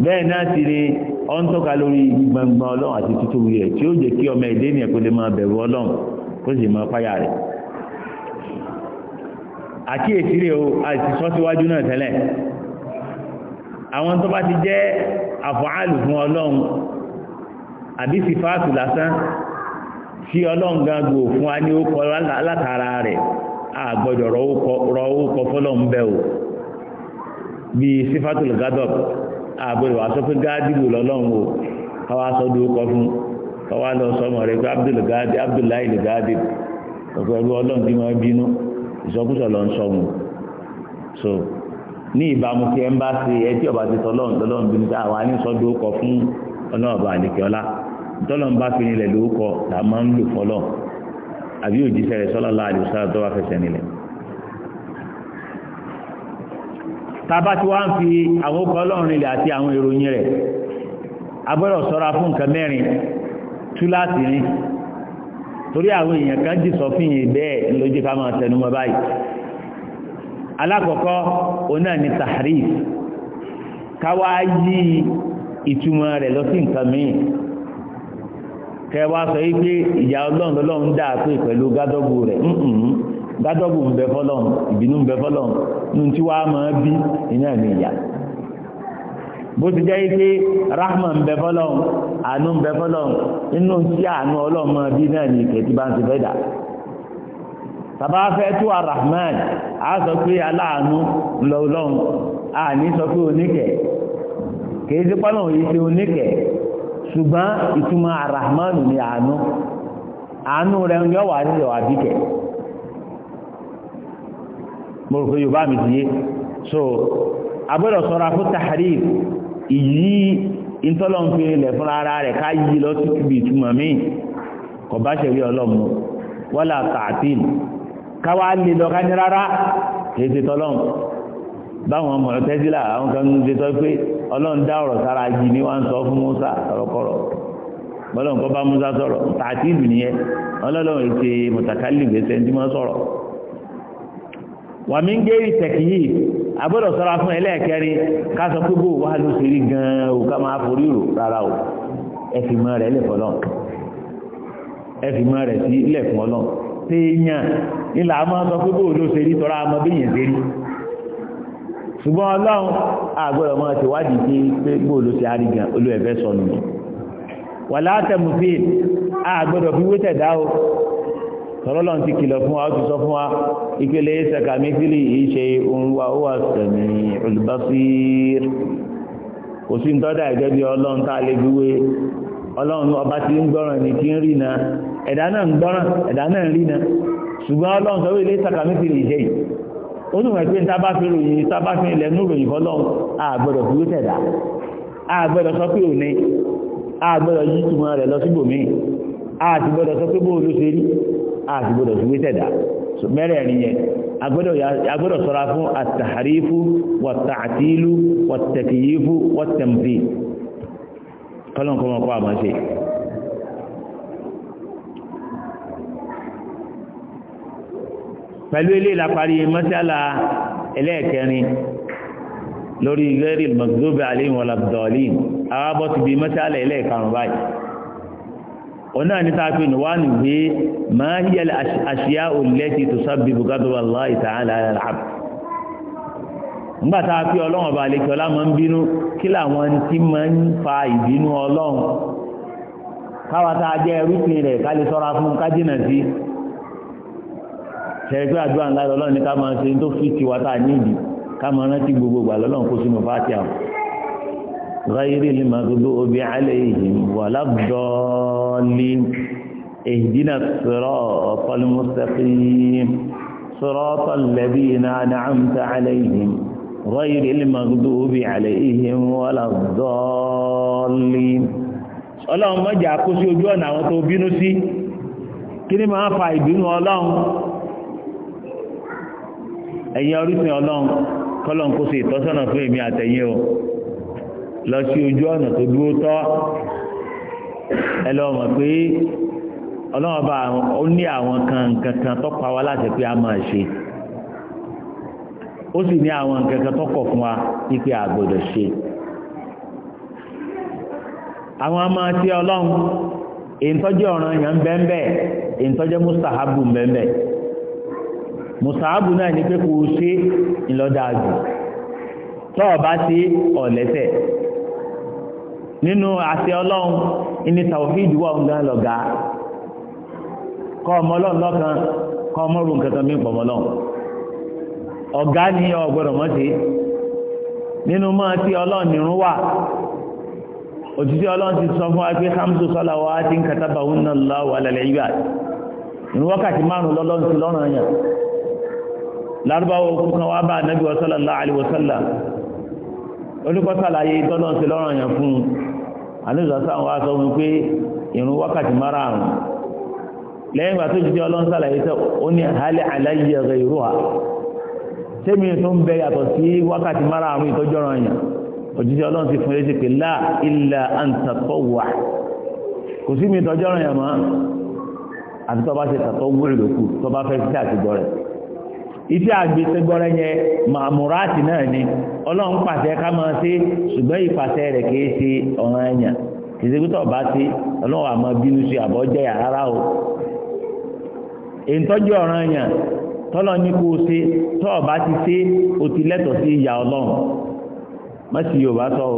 bẹ́ẹ̀ náà sì ni ọ ń tọ́ka lórí gbangban ọlọ́run àti títóbi rẹ̀ tí ó jẹ́ kí ọmọ ẹ̀dẹ́ ènìyàn kó lè máa bẹ̀rù ọlọ́run kó sì máa páyà rẹ̀ àkíyèsí rẹ̀ o àti sọ́síwájú náà tẹ́lẹ̀ àwọn tó bá ti jẹ́ àfọ̀hálù fún ọlọ́run àbí sífáàtù lásán tí ọlọ́run gan gbò fún wa ní ókọ látara rẹ̀ àgbọ̀dọ̀ o bíi sífàtúlù gádọ̀p àgbọ̀dọ̀ wà sọ pé lọ́lọ́run o káwá sọ di ókọ fún káwá lọ pé abdullahi gadi ọ̀pọ̀ ẹ̀rú ọlọ́run tí wọ́n bínú ìsọkúsọ lọ ń so ní ìbámu ọba ti sọ lọ́run bínú tọ́lọ̀ ń bá fi nílẹ̀ lórúkọ là máa ń lò fọlọ́ àbí òjíṣẹ́ rẹ̀ sọ́lá láàdì sára tó wá fẹsẹ̀ nílẹ̀ tába tí wọ́n á fi àwọn ọkọ̀ ọlọ́run nílẹ̀ àti àwọn ìròyìn rẹ̀ agbọ́dọ̀ sọ́ra fún nǹkan mẹ́rin túláàsì ni torí àwọn èèyàn kan jì sọ fún yìí bẹ́ẹ̀ lójú ká máa tẹnu báyìí alákọ̀ọ́kọ́ òun náà ni tahrif káwá yí ìtumọ̀ rẹ̀ lọ sí nǹkan mìíràn kẹwàá sọ yìí pé ìyá ọlọ́run lọ́lọ́run dáa pé pẹ̀lú gádọ́gù rẹ̀ gádọ́gù ń bẹ fọlọ́run ìbínú ń bẹ fọlọ́run nu tí wàá máa bí iná ní ìyá bó ti jẹ́ yìí pé rahma ń bẹ fọlọ́run àánú ń bẹ fọlọ́run inú tí àánú ọlọ́run máa bí náà ní ìkẹ́tí bá ń ti fẹ́ dà tàbá fẹ́ tó arahman a sọ pé aláàánú lọ́lọ́run àní sọ pé oníkẹ̀ kì pọ́nà òyìn ti oníkẹ̀ ṣùgbọ́n ìtumọ̀ arahmanu ni àánú àánú rẹ̀ ń yọ wà nílẹ̀ wà bíkẹ̀ yorùbá mi ti yé so agbọ́dọ̀ sọ́ra fún tahari ìyí ìtọ́lọ́nfin ilẹ̀ fúnra ara rẹ̀ ká yí lọ sí ibi ìtumọ̀ míì kò bá ṣe rí ọlọ́mù wọ́lá tààtìl káwàá lè lọ ká ní rárá èsì tọ́lọ́mù báwọn ọmọ tẹ́sílà àwọn kan ń ṣe sọ pé ọlọ́run dá ọ̀rọ̀ sára jì ní wọ́n sọ fún Musa ọ̀rọ̀kọ̀rọ̀ bọ́lọ̀ nǹkan bá Musa sọ̀rọ̀ tààtì ìlú nìyẹn ọlọ́run mọ̀tàkálì ń dímọ̀ sọ̀rọ̀ wàmí ń fún ẹlẹ́ẹ̀kẹrin pé bó wàá ló gan-an ká máa forí rò rárá o ẹ fi mọ́ rẹ̀ lẹ̀ ẹ fi mọ́ rẹ̀ sí téèyàn ńlá máa sọ ṣùgbọ́n ọlọ́run àgbọ̀dọ̀ máa ti wádìí sí pé gbòòlù ti àrígàn olú ẹ̀fẹ́ sọnù mi wà látẹ̀mù sí àgbọ̀dọ̀ fi wétẹ̀ dá o tọ́rọ́ lọ́n ti kìlọ̀ fún wa ó ti sọ fún wa ìpele ṣẹ̀ka mẹ́sílì ìṣe òun wa ó wà sẹ̀mí olùbásír kò sí ntọ́dà ẹ̀gẹ́ bí ọlọ́run tá a lè fi wé ọlọ́run ọba ti ń gbọ́ràn ní kí ń rí na ẹ̀dá náà ń gbọ́ràn ẹ̀dá náà ń rí na ṣùgbọ́n ọlọ́run ó sì mọ̀ pé tábà fi ròyìn tábà fi ilẹ̀ nú ròyìn fọlọ́run àgbọ̀dọ̀ fi wíṣẹ̀dá àgbọ̀dọ̀ sọ pé òní àgbọ̀dọ̀ yí ìtumọ̀ rẹ̀ lọ sí bòmíì àtìgbọ́dọ̀ sọ pé bóòlù ṣe rí àtìgbọ́dọ̀ fi wíṣẹ̀dá mẹ́rẹ̀ẹ̀rin yẹn agbọ́dọ̀ sọ́ra pẹ̀lú ilé ìlàparí mọ́sálà ẹlẹ́ẹ̀kẹrin lórí gẹ́rì mọ̀gbọ́bẹ̀ aléyìn wọlá dọ̀ọ̀lìn àwábọ́ ti bí mọ́sálà ẹlẹ́ẹ̀karùn báyìí ọ̀nà níta pé wà ní gbé máa ń yẹ àṣìyá òlẹ́tì tó sábì bùkátà lọ́ ìtàhálà àlàbù nígbàtà pé ọlọ́run ọba àlekè ọlá máa ń bínú tẹ̀gbẹ́ àdúrà ńlá lọ́lọ́run ní ká máa ṣe tó fi tiwa tá a níbi ká máa rántí gbogbo gbà lọ́lọ́run kó sínú fàtí àwọn. ghayri lè máa gbogbo obì alayhim wala ddallin ihdina siratal mustaqim siratal ladina an'amta alayhim ghayri magdubi alayhim wala ddallin. ọlọ́run mọ́jà kó sí ojú ọ̀nà àwọn tó bínú sí kí ni máa fa ìbínú ọlọ́run ẹ̀yin orísun ọlọ́run kọ́lọ́n kó ṣe ìtọ́sọ́nà fún èmi àtẹ̀yìn o lọ sí ojú ọ̀nà tó dúró tọ́ ẹ lọ mọ̀ pé ọlọ́run bá ó ní àwọn kan nǹkan kan tó pa wá láti pé a máa ṣe ó sì ní àwọn nǹkan kan tó kọ̀ fún wa wípé a gbọ́dọ̀ ṣe àwọn ọmọ tí ọlọ́run èyí tọ́jú ọ̀ràn yẹn ń bẹ́ẹ̀ bẹ́ẹ̀ èyí tọ́jú mustahabu ń bẹ́ẹ̀ bẹ́ẹ̀ mùsàábù náà ni pé kò ṣe ìlọ́dàájú tó o bá ṣe ọ̀lẹ́sẹ̀ nínú àṣẹ ọlọ́run ìní tàwọ́fíìdì wà ń gán lọ́gá kọ́ ọmọ ọlọ́run lọ́kan kọ́ ọmọ ọrùn kankan mí pọ̀ mọ́lọ́run ọ̀gá ni ọ̀gbọ́dọ̀ mọ́ sí nínú mọ́ sí ọlọ́run nírun wà òtítí ọlọ́run ti sọ fún wa pé hamsu sọ́lá wa ti ń katabahunna Allahu ala al-ibad wákàtí márùn-ún lọ́lọ́run sí lọ́rùn yàn lárúbáwò okùn kan wá bá ànábì sallallahu alaihi wasallam olùkọ́sàlàyé tọ́lọ́ ti lọ́rọ̀ yàn fún un àlùsọ̀sán wa sọ fún pé ìrun wákàtí márààrún lẹ́yìn ìgbà tó jíjẹ́ ọlọ́run sàlàyé tẹ́ ó ní àhálẹ̀ aláyẹ̀rẹ̀ ìró ha sẹ́mi tó ń bẹ yàtọ̀ sí wákàtí márààrún ìtọ́jú ọ̀rọ̀ yàn òjíjẹ́ ọlọ́run iṣẹ́ àgbẹ̀sẹ̀gbọ́rẹ́ yẹn màmúráàtì náà ni ọlọ́run pàṣẹ ká máa ṣe ṣùgbọ́n ìpàṣẹ rẹ̀ kìí ṣe ọ̀ràn ẹ̀yàn ìṣègùtọ̀ bá ṣe ọlọ́run àmọ́ ṣe o ṣe tọ́ ọ̀bá ti ṣe o ti lẹ́tọ̀ọ́ sí ìyá ọlọ́run má sì yóò bá sọ o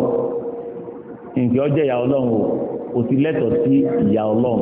ọjẹ́ ọlọ́run o o ti sí ọlọ́run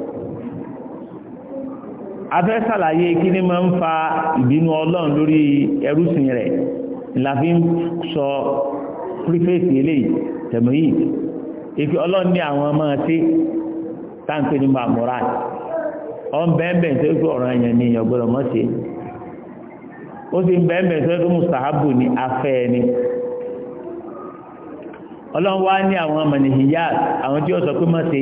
afẹ́ sàlàyé kí ni máa ń fa ìbínú ọlọ́run lórí ẹrúsìn rẹ̀ la ń sọ pírífẹ́sì eléyìí tẹ̀mọ̀ yìí èfi ọlọ́run ní àwọn máa ṣe táǹpé ní mamora ọ̀n bẹ́ẹ̀bẹ́ẹ̀ tó fi ọ̀ràn yẹn ní èèyàn gbọ́dọ̀ mọ́ ṣe ó sì ń bẹ́ẹ̀bẹ́ẹ̀ tó fi mustahabu ní afẹ́ ẹni ọlọ́run wá ní àwọn àwọn tí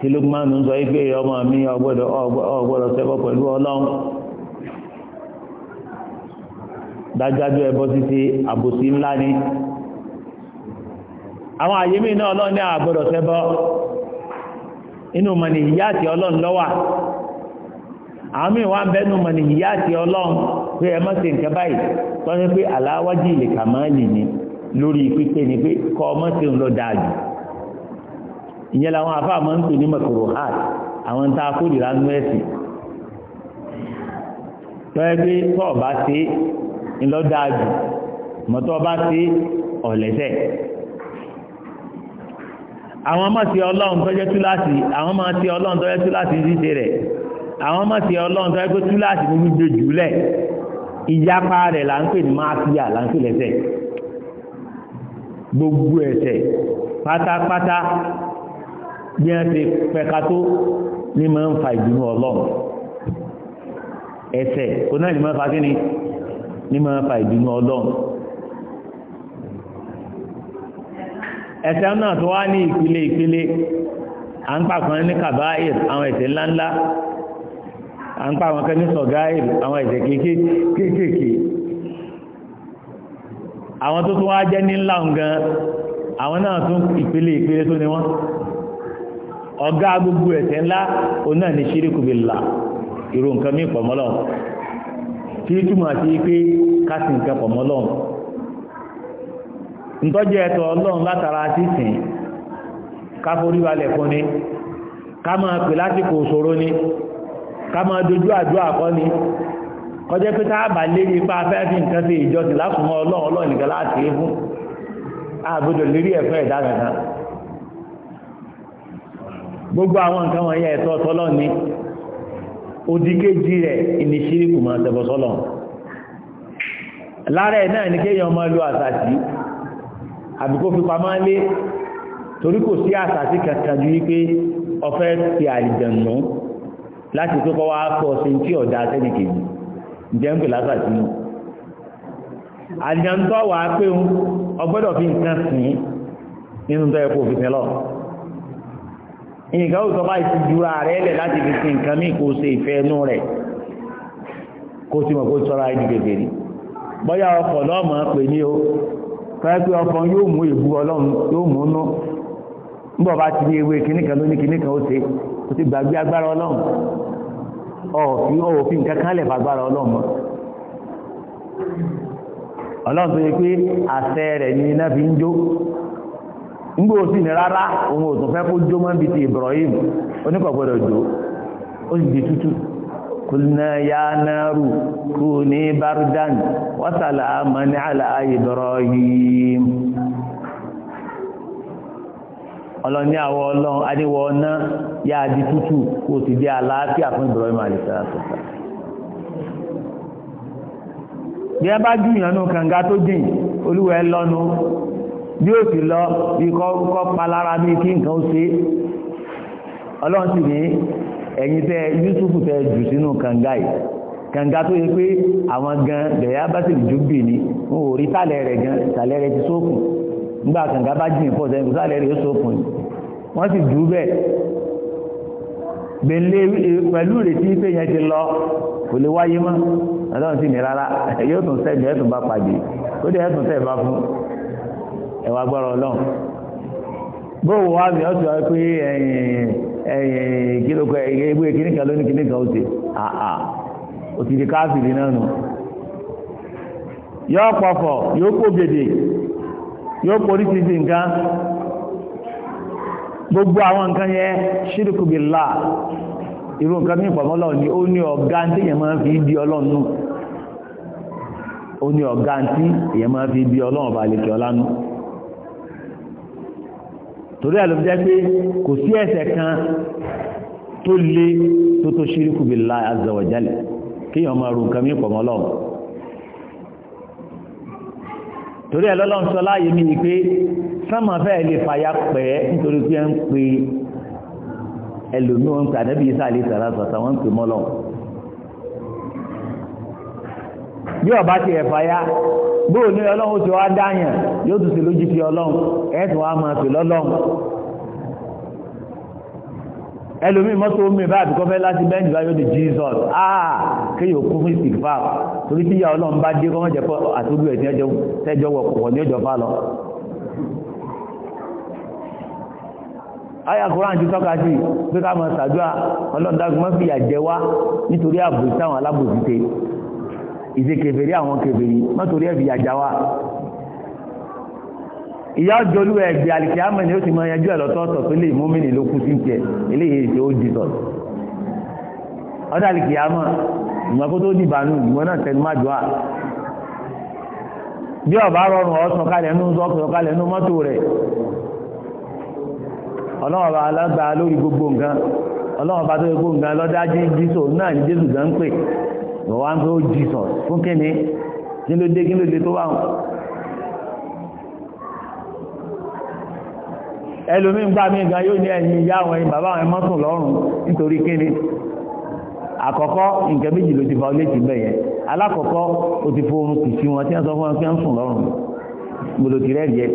tí Lukman ń sọ pé ọmọ mi ọgbọ́dọ̀ ọgbọ́dọ̀ ṣẹbọ pẹ̀lú Ọlọ́run dájájú ẹbọ títí àbòsí ńlá ni àwọn àyè náà Ọlọ́run ní àgbọ́dọ̀ inú mọ̀nì Ọlọ́run lọ́wà àwọn míì wá ń bẹ́nu mọ̀nì ìyá Ọlọ́run pé báyìí tọ́jú pé aláwájì lè kà máa ní lórí pípé lọ dáa jù ìyẹn làwọn àfáà máa ń pè ní mọ̀kòrò hard àwọn tá a kó ìlà nú ẹ̀sìn tọ́ẹ́ pé tọ́ ọba ṣe ńlọ́dáàjù mọ́tọ́ ọba ṣe ọ̀lẹ́sẹ̀ àwọn ọmọ ti ọlọ́run tọ́jẹ́ túláàsì àwọn ọmọ ti ọlọ́run tọ́jẹ́ túláàsì ṣíṣe rẹ̀ àwọn ọmọ ti ọlọ́run tọ́jẹ́ pé túláàsì ní gbígbé jùlẹ̀ ìyapa rẹ̀ là ń pè ní máa là ń pè lẹ́sẹ̀ gbogbo ẹ̀ṣẹ̀ pátápátá bí wọ́n ti pẹ̀ka tó ní máa ń fa ìdùnnú ọlọ́run ẹsẹ̀ kò náà ní máa fa kí ni ní máa fa ìdùnnú ọlọ́run ẹsẹ̀ náà tó wá ní ìpele ìpele à ń pàkan ní kàbáyé àwọn ẹsẹ̀ ńláńlá à ń pa àwọn kan ní sọ̀gáyé àwọn ẹsẹ̀ kéékèèké àwọn tó tún wá jẹ́ ní ńlá nǹkan àwọn náà tún ìpele ìpele tó ní wọ́n ọ̀gá gbogbo ẹ̀ṣẹ̀ ńlá òun náà ní ṣíríkù billah irú nǹkan mí pọ̀ mọ́lọ́n tí túmọ̀ sí pé kásì nǹkan pọ̀ mọ́lọ́n ntọ́jú ẹ̀tọ́ ọlọ́run látara sísìn káforí balẹ̀ fún ni ká máa pè lásìkò òṣòro ni ká máa dojú àdúrà kọ́ ni kọjá pé táàbà lérí ipá afẹ́fí nǹkan sí ìjọsìn lásùnmọ́ ọlọ́run ọlọ́run nìkan láti fún àbújọ lérí ẹ̀fẹ́ ìdá gbogbo àwọn nǹkan wọ̀nyí ẹ̀tọ́ tọ́lọ́ ni odi kejì rẹ̀ ìní ṣíríkù máa tẹ̀bọ̀ sọ́lọ̀ lára ẹ̀ náà ní kéèyàn máa lo àsàtì àbí kó fi pamọ́ lé torí kò sí àsàtì kankan ju wípé ọ̀fẹ́ ti àlìjẹ̀nù láti tó kọ́ wá kọ́ sí tí ọ̀dà sẹ́nìkejì jẹ́ ń pè lásàtì nù àlìjẹ̀ntọ́ wàá pé ọgbọ́dọ̀ fi nǹkan sìn nínú tó yẹ kó lọ́wọ́ nǹkan ó sọ bá ti jura rẹ̀ lẹ̀ láti fi sin nǹkan míì kò ṣe ìfẹ́ inú rẹ̀ kó sì mọ̀ kó sọ́ra ẹni ma pè ní o fẹ́ pé ọkọ̀ yóò mú èbú ọlọ́run yóò mú nú nígbà bá ti ní ewé kìnnìkan ó ṣe gbàgbé agbára ọlọ́run òfin nǹkan kan ngbe òsì ní rara òun ò tún fẹ́ kó jó mọ́ ti Ibrahim oníkọ̀gbọ́dọ̀ jó ó sì di tútù kulna ya naru bardan ala Ibrahim ọlọ́ni ọlọ́run ọ̀nà ya di tútù ti di àlàáfíà Ibrahim a bá jù kànga tó dìn olúwẹ̀ lọ́nu bí ó sì lọ bí kọ́ palára kí nǹkan ó ṣe ọlọ́run sì ní tẹ́ Yusufu tẹ́ jù sínú kànga yìí kànga tó yẹ pé àwọn gan bẹ̀yà bá sì jù bì ní wọn ò rí sàlẹ̀ rẹ̀ gan rẹ̀ ti sókùn nígbà kànga bá jìn pọ̀ sẹ́yìn rẹ̀ sókùn wọ́n sì jù e, pẹ̀lú ìrètí pé yẹn ti lọ kò lè wáyé mọ́ ọlọ́run sì ní rárá tún sẹ́yìn ẹ̀wà gbọ́rọ̀ ọlọ́run bóò wá mi ọ́ sọ ẹ̀yìn ó ti àà ó ti náà nù yóò pọ̀fọ̀ yóò kó bèbè yóò porí ti di nǹkan gbogbo àwọn nǹkan yẹn ṣírùkù irú nǹkan ní ìpàmọ́ ni ó ní ọ̀gá tí èyàn máa fi ọlọ́run ó ní ọ̀gá tí máa fi ọlọ́run kí torí àlùmíjẹ́ pé kò sí ẹ̀ṣẹ̀ kan tó le tó tó ṣíríkù billahi azza wa jalla kéèyàn máa ro nǹkan mí pọ̀ mọ́ lọ́wọ́ torí ẹ̀ lọ́lọ́run mi ni pé sánmà fẹ́ẹ̀ fàyà pẹ́ nítorí pé ń ń pe ànábìyí sáà lè sàrà sọ̀tà wọ́n ń pe mọ́ lọ́wọ́ bí ọba ti ẹ̀fà ya bóò ní ọlọ́run ti wá dáyàn yóò tún sí lójú ti ọlọ́run ẹ̀ẹ́tùn wá máa pè lọ́lọ́run ẹlòmí mọ́tò omi báyìí kọ́ fẹ́ láti bẹ́ẹ̀ni báyìí ó di jesus ah kéèyàn kú fún ìsìnkfà torí tí ìyá ọlọ́run bá dé kọ́mọ́ jẹ́pọ̀ àtúndú ẹ̀ tẹ́jọ́ wọ̀ pọ̀ ní ọjọ́ fà lọ. aya koran ti tọ́ka sí pé ká máa ṣàdúrà ọlọ́run dágbọ́n fìyà jẹ wá nítorí àbòsí àwọn alábòsí ìṣe kèfèrí àwọn kèfèrí mọ́tòrí ẹ̀bì àjà wa ìyá ọjọ́lú ẹ̀gbẹ̀ àlìkíyàmọ̀ ni ó ti mọ ẹyẹjú ẹ̀ lọ́tọ̀ọ̀tọ̀ pé lè múmìnì ló kú sí tiẹ̀ eléyìí èsì ó di sọ̀tọ̀ ọdọ àlìkíyàmọ̀ ìmọ̀ kó tó dìbànú ìmọ̀ náà tẹnu má jùá bí ọba náà ní Jésù gan ń pè wọ́n wá ń pé ó jìsọ̀ fún kíni kí ló dé kí ló dé tó wà wọn. ẹlòmí ń gbá mi gan yóò ní ẹ̀yìn ìyá àwọn ẹ̀yìn bàbá àwọn ẹmọ́sùn lọ́rùn nítorí kíni àkọ́kọ́ nǹkan méjì ló ti fa olé ti bẹ̀yẹn alákọ̀ọ́kọ́ ó ti fóorun tì sí wọn tí wọ́n sọ fún wọn kí wọ́n sùn lọ́rùn gbọdọ̀ tì rẹ́ẹ̀dì ẹ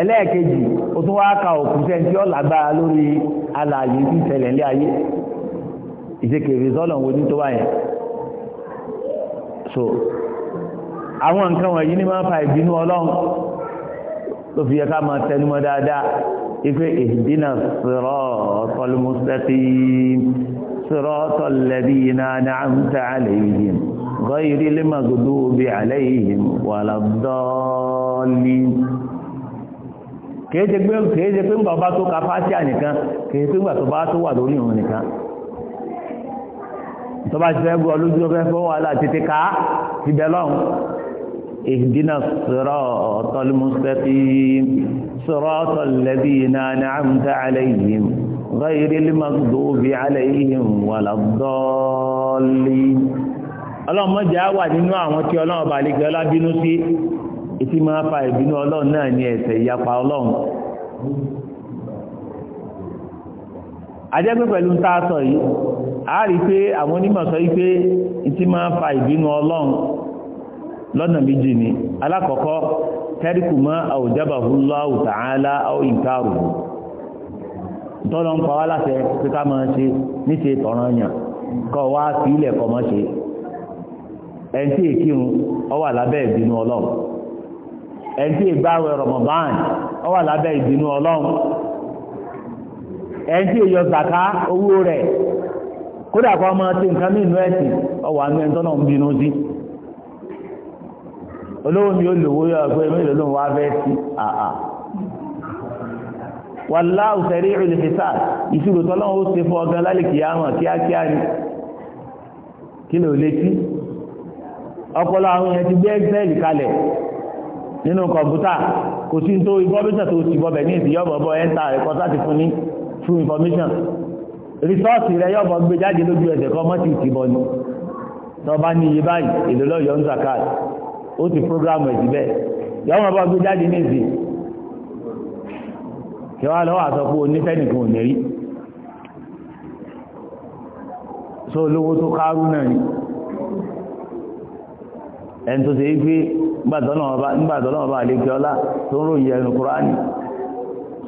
ẹlẹ́ẹ̀kejì ó tún wá ka òkú sẹ́ńtì ọ̀làgbára lórí alààyè tí ìṣẹ̀lẹ̀ ilé ayé ìṣekèrè sọ́lọ̀ wojú tó báyẹn so àwọn nǹkan wọ̀nyí ní máa ń fa ìbínú ọlọ́run tó fi yẹ ká máa tẹnumọ́ dáadáa ife ihdina siratal mustaqim siratal ladina an'amta alayhim ghayril maghdubi alayhim waladdallin kèéje pé bàbá tó ka fásíà nìkan kèéje pé tó bá tó wà lórí òun nìkan tọba ṣe ẹgbẹ́ olójú ọfẹ́ fún wàhálà títí ká ibẹ̀ lọ́hùn ìdínà sọ̀rọ̀ ọ̀tọ̀lùmùsẹ̀tì sọ̀rọ̀ ọ̀tọ̀lẹ́bí náà ní àmúta àlẹ́yìn rẹ́yìnrí lẹ́mọ̀gbọ́bí àlẹ́yìn wàlàdọ́ọ̀lì ọlọ́mọdé á wà nínú àwọn tí ọlọ́run bá lè gbé ọlábínú sí ìtí máa fa ìbínú ọlọ́run náà ní ẹ̀ṣẹ̀ ìyapa ọlọ́run ajẹ́gbẹ́ pẹ̀lú ń tá a sọ yìí a rí pé àwọn onímọ̀ sọ wípé ìtí máa ń fa ìbínú ọlọ́run lọ́nà méjì ni alákọ̀ọ́kọ́ tẹ́ríkù mọ́ àwòjábàhú Allahu ta'ala àwọn ìkárù tọ́lọ ń pa wá láṣẹ pé ká máa ṣe níṣe tọ̀ranyàn kọ́ wá sí ilẹ̀ kọ́ mọ́ ṣe ẹni tí èkírun ọ wà lábẹ́ ìbínú ọlọ́run ẹni tí ìgbàwẹ̀ Ramadan ọ wà lábẹ́ ìbínú ọlọ́run ẹni tí èyọ zàká owó rẹ̀ kódà kọ́ ọmọ tí nǹkan mí inú ẹ̀sìn ọwọ́ àánú ẹ̀ntọ́ náà ń bínú sí olówó mi ó lòwó yọ pé mélòó ló ń wá fẹ́ sí àà wallahu sari'ul hisab ìṣirò tọ́lọ́wọ́ ó ṣe ni kí ló létí ọpọlọ àwọn èèyàn ti gbé fún information rìsọ́ọ̀tì rẹ yọ́ bọ̀ gbé jáde lójú ẹsẹ̀ kọ́ mọ́tì ìtìbọ̀ ni tọba ní iye báyìí èlò lọ́yọ̀ zakat ó ti prógrámù ẹ̀sì bẹ́ẹ̀ gbé jáde ní ìsìn kí wá lọ́wọ́ olówó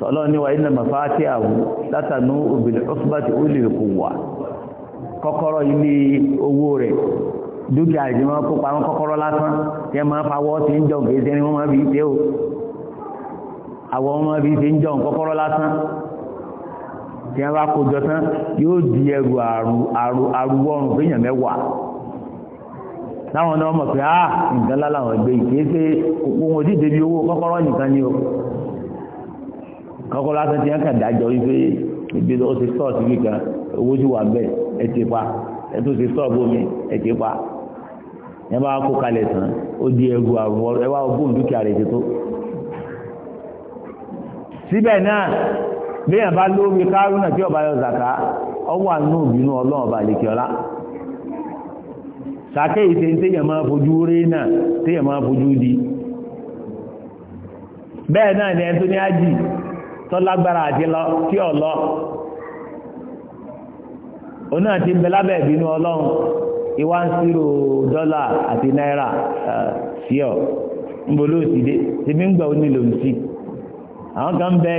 ọlọ́run ní wa iná mafáàtì àwù látànú obìnrin ọsùbàtì ó lè kò wà kọ́kọ́rọ́ ilé owó rẹ̀ dúkìá ìdí máa kópa àwọn kọ́kọ́rọ́ lásán tí ẹ máa fawọ́ sí ń jọ gèdè ni wọ́n máa fi ṣe o àwọn ọmọ fi ṣe ń jọ kọ́kọ́rọ́ lásán tí wọ́n kójọ tán yóò di ẹrù àrùwọ́rùn fẹ́yàn mẹ́wàá láwọn náà pé ah nǹkan láláwọn gbé ìkéṣe òun òdìdè bí owó kọ́kọ́rọ́ nìkan ni o. kọ́kọ́ lásán ti hàn kàdájọ́ wípé ibi ó ti sọ́ọ̀ síbi kan owó ti wà bẹ́ẹ̀ ẹ ti pa ẹ tó ti sọ́ọ̀ bómi ẹ ti pa ẹ bá kó kalẹ̀ tán ó di ẹrù àrùn ẹ wá ogún dúkìá rẹ̀ ti tó. síbẹ̀ náà béèyàn bá lórí kárúnà tí ọba yọ zàká ọwọ́ àánú ìbínú ọlọ́run ọba àlèkè ọlá sàkè yìí tẹ́yìn tẹ́yìn máa fojú rí náà tẹ́yìn máa fojú di bẹ́ẹ̀ náà ni tó ní ájì Tọlá lágbára àti lọ tí ò òun náà ti ń ìbínú ọlọ́run ìwá ń sírò dọ́là àti náírà sí ọ ń bolo òsìdé tèmi ń gbà ó nílò ń àwọn kan bẹ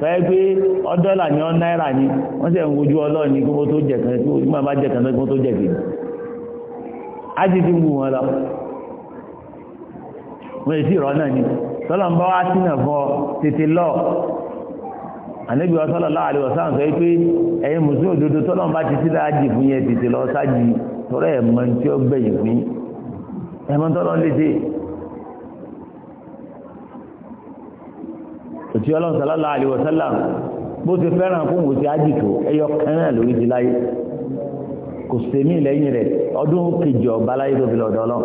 fẹ́ pé ọ ni ọ náírà ni wọ́n sì ń wojú ọlọ́run ní kí tó jẹ kan kí bá jẹ kan kí tó jẹ á ti wù wọn lọ ànábì sallallahu alaihi wasallam sọ pé ẹ̀yin mùsùlùmí òdodo tọ́lọ́run bá ti sí dáadì fún yẹn tètè lọ sáàjì tọ́rọ̀ ẹ̀ mọ tí ó gbẹ̀yìn fún yín ẹ̀ mọ tọ́lọ́run lè dé. òtí ọlọ́run sallallahu alaihi wasallam bó ti fẹ́ràn fún òtí ájìtò ẹyọ kẹrin lórí ti láyé kò sèmí lẹ́yìn rẹ̀ ọdún kejì ọ̀bá láyé tó fi lọ́dọ̀ ọlọ́run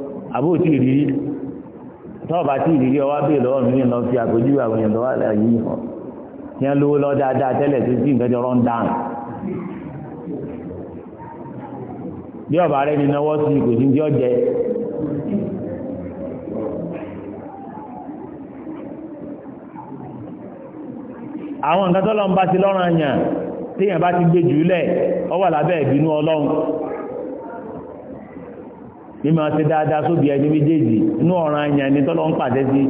abụọ ìrírí riri tí ìrírí ọwá bèè lọ́wọ́ mi lọ fi àpèjúwe àwọn lọ́wọ́ àlàyé yìí hàn tí wọ́n lówó dáadáa tẹ́lẹ̀ tó sí nǹkan ń bí ọba rẹ ní sí kò sí àwọn nǹkan ń bá ti lọ́rùn àyàn téèyàn bá ti gbé ọwọ́ làbẹ́ ìbínú mímọ ti dáadáa sóbi ẹni méjèèjì inú ọ̀ràn àyàn ni tọ́lọ́ ń pàṣẹ sí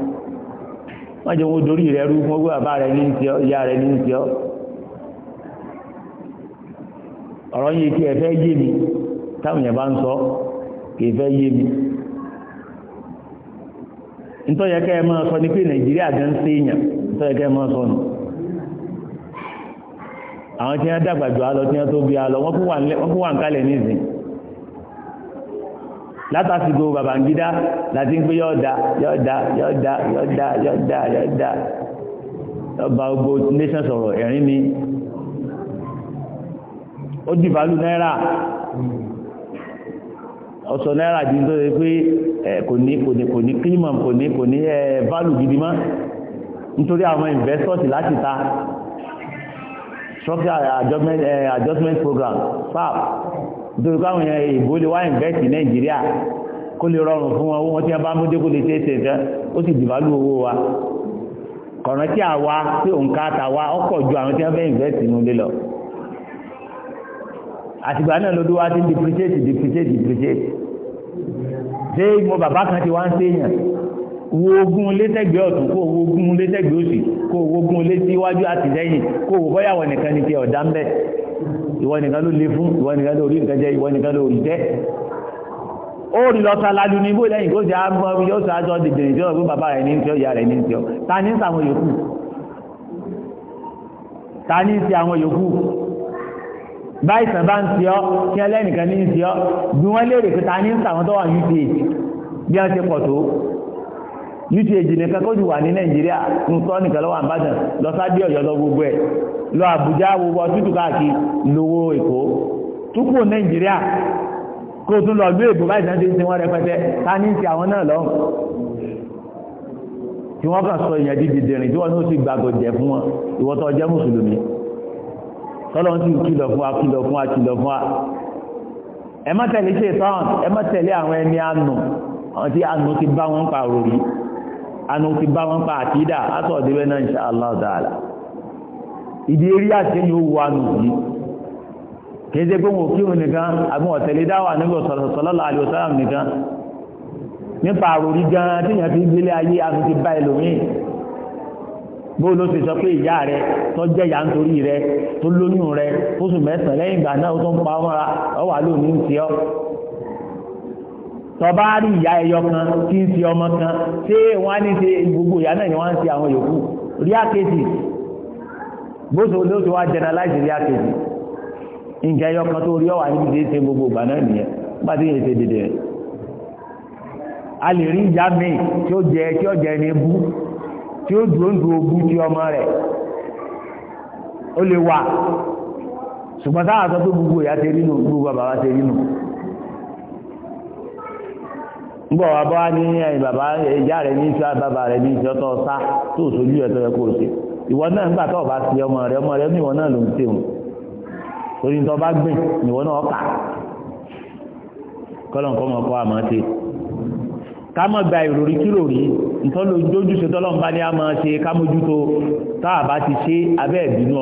wọ́n jẹ́ wọ́n dorí rẹ̀ rú fún rẹ̀ ní ìṣẹ́ ìyá rẹ̀ ní ìṣẹ́ ọ̀rọ̀ yìí kí ẹ fẹ́ yé mi táwọn yẹn bá ń sọ kì í fẹ́ yé mi nítorí máa sọ ni pé nàìjíríà gan ń ṣe èèyàn nítorí máa sọ nù àwọn tí wọ́n dàgbà jù á lọ tí wọ́n tó bí lọ wọ́n kú wà ń kálẹ̀ látàsìkò Babangida láti ń pé yọ́ọ̀dá yọ́ọ̀dá yọ́ọ̀dá yọ́ọ̀dá yọ́ọ̀dá yọ́ọ̀dá ọba ogbó nation sọ̀rọ̀ ẹ̀rín ni ó di bàálù náírà ọ̀sọ̀ náírà jí tó rẹ̀ pé kò ní kò ní kò ní kílímọ̀ kò ní kò ní bàálù gidi mọ́ nítorí àwọn investors láti ta structure adjustment program SAP nítorí káwọn èèyàn ìbò lè wá ìnvẹ́sì nàìjíríà kó lè rọrùn fún wọn owó wọn tí wọn bá mú dé kó lè ṣe é ó sì dìbàlú owó wa kọ̀ọ̀nà tí a wá tí òǹkà ta wá ọ̀pọ̀ ju àwọn tí wọ́n fẹ́ ìnvẹ́sì nù lé lọ àtìgbà náà ló dé wá sí depreciate depreciate depreciate ṣé mo bàbá kan ti wá ń séèyàn wo ogún létẹ́gbẹ́ ọ̀tún kó wo ogún létẹ́gbẹ́ òsì kó wo ogún létí iwájú àtìlẹ́yìn kó wo bọ́yàwó nìkan ní ti ọ̀dá ń bẹ́ẹ̀ ìwọ nìkan ló lè fún ìwọ nìkan ló rí nǹkan jẹ ìwọ nìkan ló rí jẹ ó rí lọ sàlálù ní ibò lẹ́yìn kó ṣe àmọ́ yóò sàájọ́ dìde ìjọ ọ̀gbọ́n bàbá rẹ̀ ní ìjọ ìyá rẹ̀ ní ìjọ ta ní sàwọn yòókù ta ní sí bá ń sí ọ kí ẹlẹ́nìkan ní sí ọ bí wọ́n léèrè pé ta ní sàwọn tó wà ní ìdíje bí wọ́n ṣe pọ̀ tó uta nìkan tó ju wà ní nàìjíríà nǹkan nìkan lọ́wọ́ àbájàn lọ sábí ọ̀yọ́ lọ gbogbo ẹ̀ lọ àbújá gbogbo tútù káàkiri lówó èkó túkù nàìjíríà kó tún lọ lú èbò báyìí sáńtì tí wọ́n rẹpẹtẹ ká ní ti àwọn náà lọ́hùn tí wọ́n kàn sọ ìyẹn dídì dìrìn tí wọ́n ní ó sì gbàgbọ́ jẹ fún wọn ìwọ́tọ̀ jẹ́ mùsùlùmí tọ́lọ́ ń sì kìlọ̀ fún wa kìlọ̀ fún wa kìlọ̀ fún wa ẹ má tẹ̀lé ṣe tán ẹ má tẹ̀lé àwọn ẹni àánú àwọn tí àánú ti bá wọn pàrọ̀ rí àna ti bá wọn pa àtìdá látọ̀ débẹ̀ náà insha Allah ta'ala ìdí eré àtẹ́yìn ó wà nù yìí kìí ṣe pé wọn ò kírun nìkan àbí wọn tẹ̀lé dáwà níbi sallallahu alaihi wasallam nìkan nípa àròrí gan-an tíyàn fi gbélé ayé àfi ti bá ẹlòmíì bóò ló ti sọ pé ìyá rẹ tó jẹ́ ìyá nítorí rẹ tó lóyún rẹ oṣù mẹ́sàn-án lẹ́yìn ìgbà náà ó tó ń pa ọmọ ra ọwà lónìí ń ti ọ́ tọba rí ìyá ẹyọ kan ọmọ kan ṣé wọ́n á gbogbo ìyá náà ni wọ́n á ṣe àwọn yòókù rí bóso lóso nǹkan ẹyọ kan tó rí níbi gbogbo ìgbà náà nìyẹn yẹn ṣe a lè rí ìyá míì tí ó jẹ tí ó jẹ ní bú tí ó dúró gbogbo ìyá gbogbo ngbọ wa bá ní ẹ̀yìn bàbá ìyá rẹ ní ìṣọ bàbá rẹ ní ìṣọ tó sá tó sojú ẹ tó yẹ o ṣe ìwọ náà nígbà tó o bá ti ọmọ rẹ ọmọ rẹ ní ìwọ náà ló ń ṣe òun torí ní tó bá gbìn ìwọ náà kà kọlọ̀ nǹkan ọmọ kọ́ àmọ́ ṣe ká mọ̀ gba ìròrí kírò rí ìtọ́lò jójúṣe tọ́lọ̀ ń bá ní àmọ́ ṣe ká mójútó táà bá ti ṣe abẹ́ ìbínú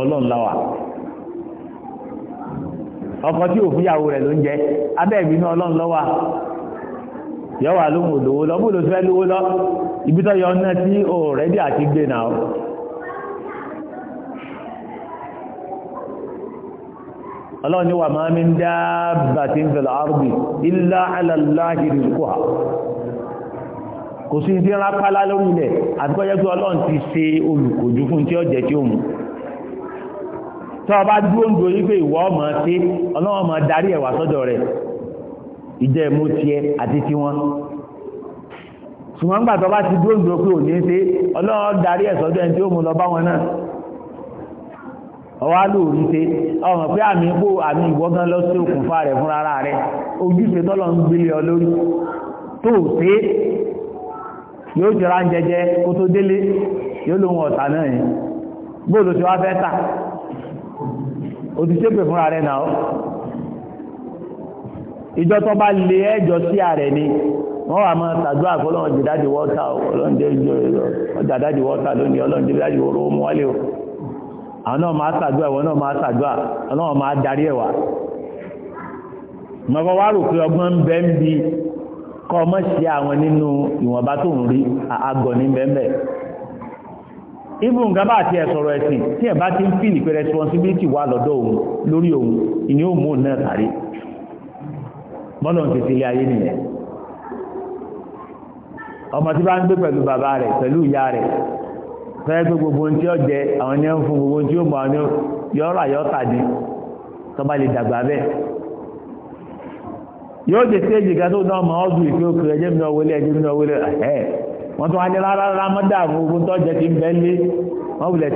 ọkọ tí òfúyàwó rẹ̀ ló ń jẹ abẹ́ ìbínú ọlọ́run lọ́wà yọ wà lóhùn olówó lọ bó ló fẹ́ lówó lọ ibi tó yọ ná sí ọ̀rẹ́dì àti gbé náà o. ọlọ́run ni wà máa mi ń dá bàtí ń fẹ̀lẹ̀ àrùbì ilá alàláàjì rìkú ha kò sí ti rápálá lórí ilẹ̀ àtikọ́jẹ́ pé ọlọ́run ti ṣe olùkòjú fún tí ó jẹ́ tí ó mú tọ́ ọba dúró ń dorí pé ìwọ ọmọ sí ọlọ́run máa darí ẹ̀wà sọ́dọ̀ rẹ̀ ìjẹ́ ìmú tiẹ̀ àti tiwọn ṣùgbọ́n gbàtọ́ bá ti dúró dúró pé òní ṣe ọlọ́run darí ẹni tí ó mú lọ bá wọn náà ọwá lóòrí ṣe ọmọ pé àmì ipò àmì ìwọ́gán lọ sí òkùnfà rẹ̀ fúnra ara rẹ̀ ojúṣe tọ́lọ ń gbélé ọ lórí tó ṣe yóò jọra ń jẹjẹ kó tó délé yóò ọ̀tà náà yìí bóòlù wá fẹ́ fúnra rẹ̀ ìjọ tó bá lè ẹjọ sí ààrẹ ni wọ́n wà máa tàdúrà fọlọ́run jẹ dáàdì wọ́tà ọlọ́njẹ ọjà dáàdì wọ́tà lónìí ọlọ́njẹ dáàdì oró mú wálé o àwọn náà máa tàdúrà ìwọ náà máa tàdúrà ọlọ́run máa darí ẹ̀wà mọ̀kọ́ wá rò pé ọgbọ́n ń bẹ́ ń bi kọ́ ọmọ sí àwọn nínú ìwọ̀nba tó ń rí àgọ̀ ní bẹ́ẹ̀ ibu nǹkan bá ti ẹ̀sọ̀rọ̀ ẹ̀sìn tí ẹ̀ bá ti ń fìlì pé responsibility wà lọ́dọ̀ òun lórí òun ìní òun náà tàrí bọ́lọ̀ ń tètè ilé ayé nìyẹn ọmọ tí bá ń gbé pẹ̀lú bàbá rẹ̀ pẹ̀lú ìyá rẹ̀ fẹ́ẹ́ gbé gbogbo ohun tí ó jẹ àwọn ní gbogbo ohun tí ó mọ àwọn yọ́ọ̀rọ̀ àyọ́ta ni tó bá lè dàgbà bẹ́ẹ̀ yóò jẹ séèjì kan tó náà mọ ọdún mi náà wọlé mi náà wọlé tún ní rárá rárá gbogbo tó jẹ ti ń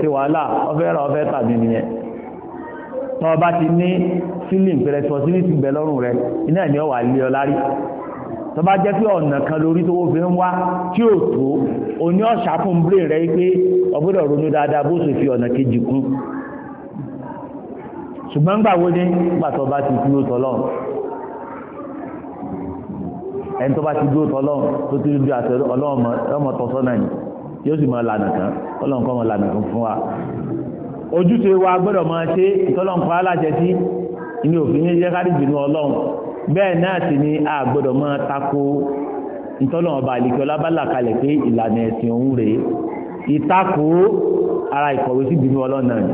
ti wàhálà rà tàbí nìyẹn tọ́ bá ti ní feeling pé responsibility bẹ lọ́rùn rẹ iná ẹ̀ ní ọ̀wà lé ọ lárí tọ́ bá jẹ́ pé ọ̀nà kan lórí tó wọ́n fi ń wá tí ò tó òní ọ̀ṣà fún brain rẹ pé ọgbọ́dọ̀ ronú dáadáa bó ṣe fi ọ̀nà kejì kún ṣùgbọ́n gbà wo ní gbà tọ́ bá ti dúró tọ́lọ́ ẹni tó bá ti dúró tọ́lọ́ tó ti dúró àtẹ ọlọ́mọ tọ́sọ́nà yìí yóò sì mọ lànà kan ọlọ́nkọ́ mọ lànà kan fún wa ojúṣe wa gbọ́dọ̀ máa ṣe ìtọ́lọ́npá aláṣẹ tí ní òfin ní jẹ́ kárí ìbínú ọlọ́run bẹ́ẹ̀ náà sì ni a gbọ́dọ̀ máa tako ìtọ́lọ́run ọba àlìkí ọlábàlà kalẹ̀ pé ìlànà ẹ̀sìn òun rèé ìtakò ara ìkọ̀wé sí ìbínú ọlọ́run náà ni